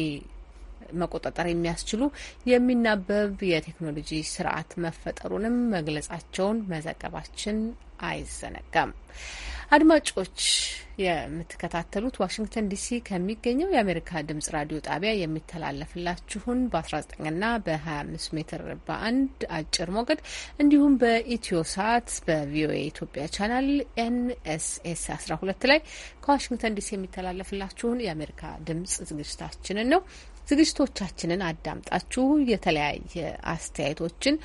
መቆጣጠር የሚያስችሉ የሚናበብ የቴክኖሎጂ ስርዓት መፈጠሩንም መግለጻቸውን መዘገባችን አይዘነጋም። አድማጮች የምትከታተሉት ዋሽንግተን ዲሲ ከሚገኘው የአሜሪካ ድምጽ ራዲዮ ጣቢያ የሚተላለፍላችሁን በ19ና በ25 ሜትር በአንድ አጭር ሞገድ እንዲሁም በኢትዮ ሳት በቪኦኤ ኢትዮጵያ ቻናል ኤንኤስኤስ 12 ላይ ከዋሽንግተን ዲሲ የሚተላለፍላችሁን የአሜሪካ ድምጽ ዝግጅታችንን ነው። ዝግጅቶቻችንን አዳምጣችሁ የተለያየ አስተያየቶችን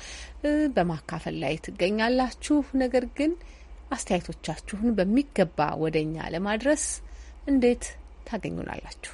በማካፈል ላይ ትገኛላችሁ። ነገር ግን አስተያየቶቻችሁን በሚገባ ወደ እኛ ለማድረስ እንዴት ታገኙናላችሁ?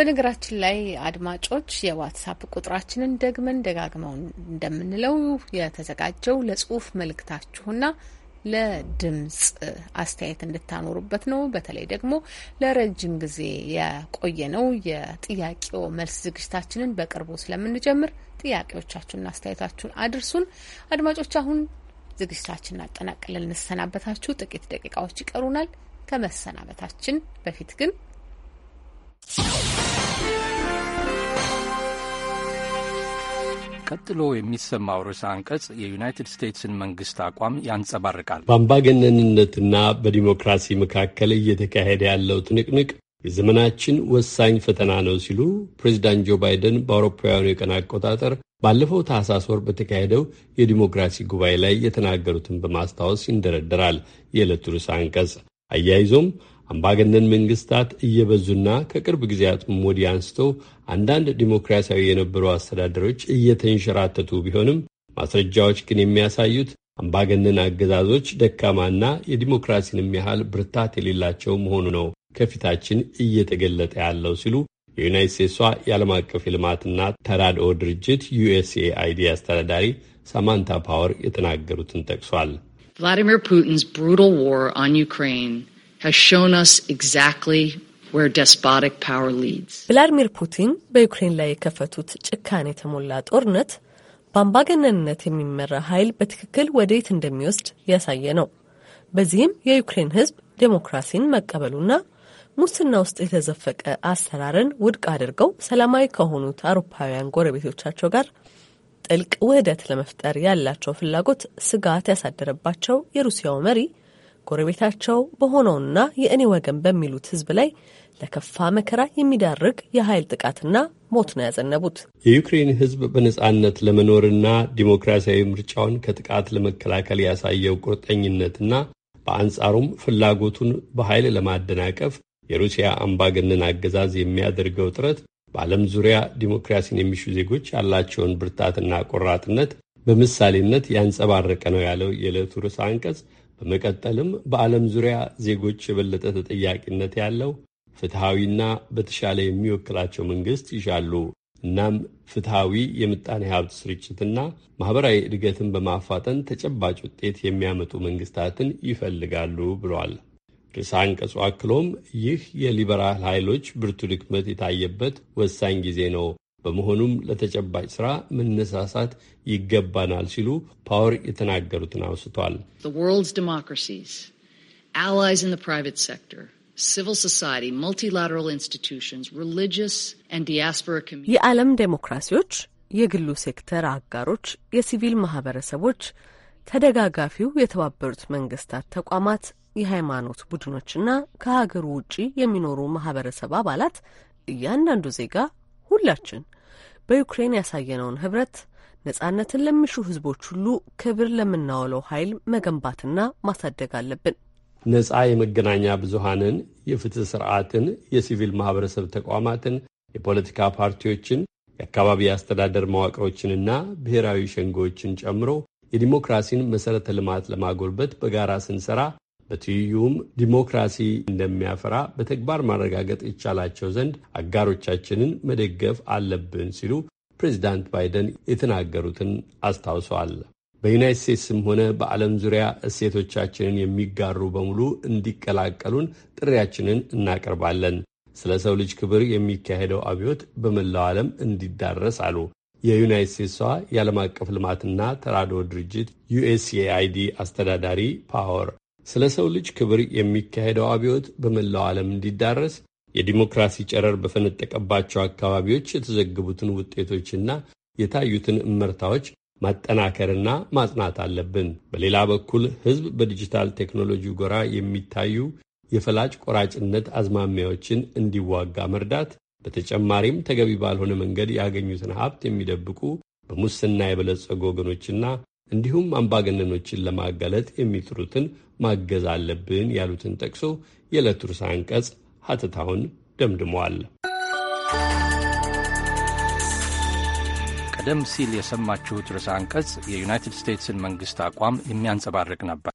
በነገራችን ላይ አድማጮች የዋትሳፕ ቁጥራችንን ደግመን ደጋግመው እንደምንለው የተዘጋጀው ለጽሁፍ መልእክታችሁና ለድምጽ አስተያየት እንድታኖሩበት ነው። በተለይ ደግሞ ለረጅም ጊዜ የቆየ ነው የጥያቄው መልስ ዝግጅታችንን በቅርቡ ስለምንጀምር ጥያቄዎቻችሁንና አስተያየታችሁን አድርሱን። አድማጮች አሁን ዝግጅታችንን አጠናቅለን እንሰናበታችሁ። ጥቂት ደቂቃዎች ይቀሩናል። ከመሰናበታችን በፊት ግን ቀጥሎ የሚሰማው ርዕሰ አንቀጽ የዩናይትድ ስቴትስን መንግስት አቋም ያንጸባርቃል። በአምባገነንነትና በዲሞክራሲ መካከል እየተካሄደ ያለው ትንቅንቅ የዘመናችን ወሳኝ ፈተና ነው ሲሉ ፕሬዚዳንት ጆ ባይደን በአውሮፓውያኑ የቀን አቆጣጠር ባለፈው ታህሳስ ወር በተካሄደው የዲሞክራሲ ጉባኤ ላይ የተናገሩትን በማስታወስ ይንደረደራል የዕለቱ ርዕሰ አንቀጽ። አያይዞም አምባገነን መንግስታት እየበዙና ከቅርብ ጊዜያት ወዲህ አንስቶ አንዳንድ ዲሞክራሲያዊ የነበሩ አስተዳደሮች እየተንሸራተቱ ቢሆንም ማስረጃዎች ግን የሚያሳዩት አምባገነን አገዛዞች ደካማና የዲሞክራሲንም ያህል ብርታት የሌላቸው መሆኑ ነው ከፊታችን እየተገለጠ ያለው ሲሉ የዩናይት ስቴትሷ የዓለም አቀፍ የልማትና ተራድኦ ድርጅት ዩኤስኤአይዲ አስተዳዳሪ ሳማንታ ፓወር የተናገሩትን ጠቅሷል። ቭላዲሚር ፑቲንስ ብሩታል ዋር ኦን ዩክሬን has shown us exactly where despotic power leads. ቭላዲሚር ፑቲን በዩክሬን ላይ የከፈቱት ጭካኔ የተሞላ ጦርነት በአምባገነንነት የሚመራ ኃይል በትክክል ወዴት እንደሚወስድ ያሳየ ነው። በዚህም የዩክሬን ሕዝብ ዴሞክራሲን መቀበሉና ሙስና ውስጥ የተዘፈቀ አሰራርን ውድቅ አድርገው ሰላማዊ ከሆኑት አውሮፓውያን ጎረቤቶቻቸው ጋር ጥልቅ ውህደት ለመፍጠር ያላቸው ፍላጎት ስጋት ያሳደረባቸው የሩሲያው መሪ ጎረቤታቸው በሆነውና የእኔ ወገን በሚሉት ህዝብ ላይ ለከፋ መከራ የሚዳርግ የኃይል ጥቃትና ሞት ነው ያዘነቡት። የዩክሬን ህዝብ በነጻነት ለመኖርና ዲሞክራሲያዊ ምርጫውን ከጥቃት ለመከላከል ያሳየው ቁርጠኝነትና በአንጻሩም ፍላጎቱን በኃይል ለማደናቀፍ የሩሲያ አምባገነን አገዛዝ የሚያደርገው ጥረት በዓለም ዙሪያ ዲሞክራሲን የሚሹ ዜጎች ያላቸውን ብርታትና ቆራጥነት በምሳሌነት ያንጸባረቀ ነው ያለው የዕለቱ ርዕሰ አንቀጽ በመቀጠልም በዓለም ዙሪያ ዜጎች የበለጠ ተጠያቂነት ያለው ፍትሐዊና በተሻለ የሚወክላቸው መንግስት ይሻሉ። እናም ፍትሐዊ የምጣኔ ሀብት ስርጭትና ማህበራዊ እድገትን በማፋጠን ተጨባጭ ውጤት የሚያመጡ መንግስታትን ይፈልጋሉ ብሏል። ርዕሰ አንቀጹ አክሎም ይህ የሊበራል ኃይሎች ብርቱ ድክመት የታየበት ወሳኝ ጊዜ ነው፣ በመሆኑም ለተጨባጭ ስራ መነሳሳት ይገባናል ሲሉ ፓወር የተናገሩትን አውስቷል። የዓለም ዴሞክራሲዎች፣ የግሉ ሴክተር አጋሮች፣ የሲቪል ማህበረሰቦች፣ ተደጋጋፊው የተባበሩት መንግስታት ተቋማት፣ የሃይማኖት ቡድኖችና ከሀገሩ ውጪ የሚኖሩ ማህበረሰብ አባላት እያንዳንዱ ዜጋ ሁላችን በዩክሬን ያሳየነውን ህብረት ነጻነትን ለሚሹ ህዝቦች ሁሉ ክብር ለምናውለው ኃይል መገንባትና ማሳደግ አለብን። ነጻ የመገናኛ ብዙሃንን፣ የፍትህ ስርዓትን፣ የሲቪል ማህበረሰብ ተቋማትን፣ የፖለቲካ ፓርቲዎችን፣ የአካባቢ አስተዳደር መዋቅሮችንና ብሔራዊ ሸንጎዎችን ጨምሮ የዲሞክራሲን መሠረተ ልማት ለማጎልበት በጋራ ስንሰራ በትይዩም ዲሞክራሲ እንደሚያፈራ በተግባር ማረጋገጥ ይቻላቸው ዘንድ አጋሮቻችንን መደገፍ አለብን ሲሉ ፕሬዚዳንት ባይደን የተናገሩትን አስታውሰዋል። በዩናይት ስቴትስም ሆነ በዓለም ዙሪያ እሴቶቻችንን የሚጋሩ በሙሉ እንዲቀላቀሉን ጥሪያችንን እናቀርባለን። ስለ ሰው ልጅ ክብር የሚካሄደው አብዮት በመላው ዓለም እንዲዳረስ አሉ የዩናይት ስቴትሷ የዓለም አቀፍ ልማትና ተራድኦ ድርጅት ዩኤስኤአይዲ አስተዳዳሪ ፓወር ስለ ሰው ልጅ ክብር የሚካሄደው አብዮት በመላው ዓለም እንዲዳረስ የዲሞክራሲ ጨረር በፈነጠቀባቸው አካባቢዎች የተዘገቡትን ውጤቶችና የታዩትን እመርታዎች ማጠናከርና ማጽናት አለብን። በሌላ በኩል ሕዝብ በዲጂታል ቴክኖሎጂ ጎራ የሚታዩ የፈላጭ ቆራጭነት አዝማሚያዎችን እንዲዋጋ መርዳት፣ በተጨማሪም ተገቢ ባልሆነ መንገድ ያገኙትን ሀብት የሚደብቁ በሙስና የበለጸጉ ወገኖችና እንዲሁም አምባገነኖችን ለማጋለጥ የሚጥሩትን ማገዝ አለብን ያሉትን ጠቅሶ የዕለቱ ርዕሰ አንቀጽ ሀተታውን ደምድመዋል። ቀደም ሲል የሰማችሁት ርዕሰ አንቀጽ የዩናይትድ ስቴትስን መንግስት አቋም የሚያንጸባርቅ ነበር።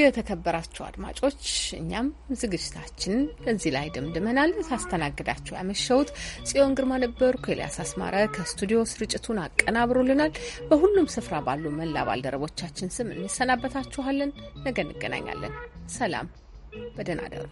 የተከበራችሁ አድማጮች እኛም ዝግጅታችን እዚህ ላይ ደምድመናል። ሳስተናግዳችሁ ያመሸሁት ጽዮን ግርማ ነበርኩ። ኤልያስ አስማረ ከስቱዲዮ ስርጭቱን አቀናብሮልናል። በሁሉም ስፍራ ባሉ መላ ባልደረቦቻችን ስም እንሰናበታችኋለን። ነገ እንገናኛለን። ሰላም፣ በደህና ደሩ።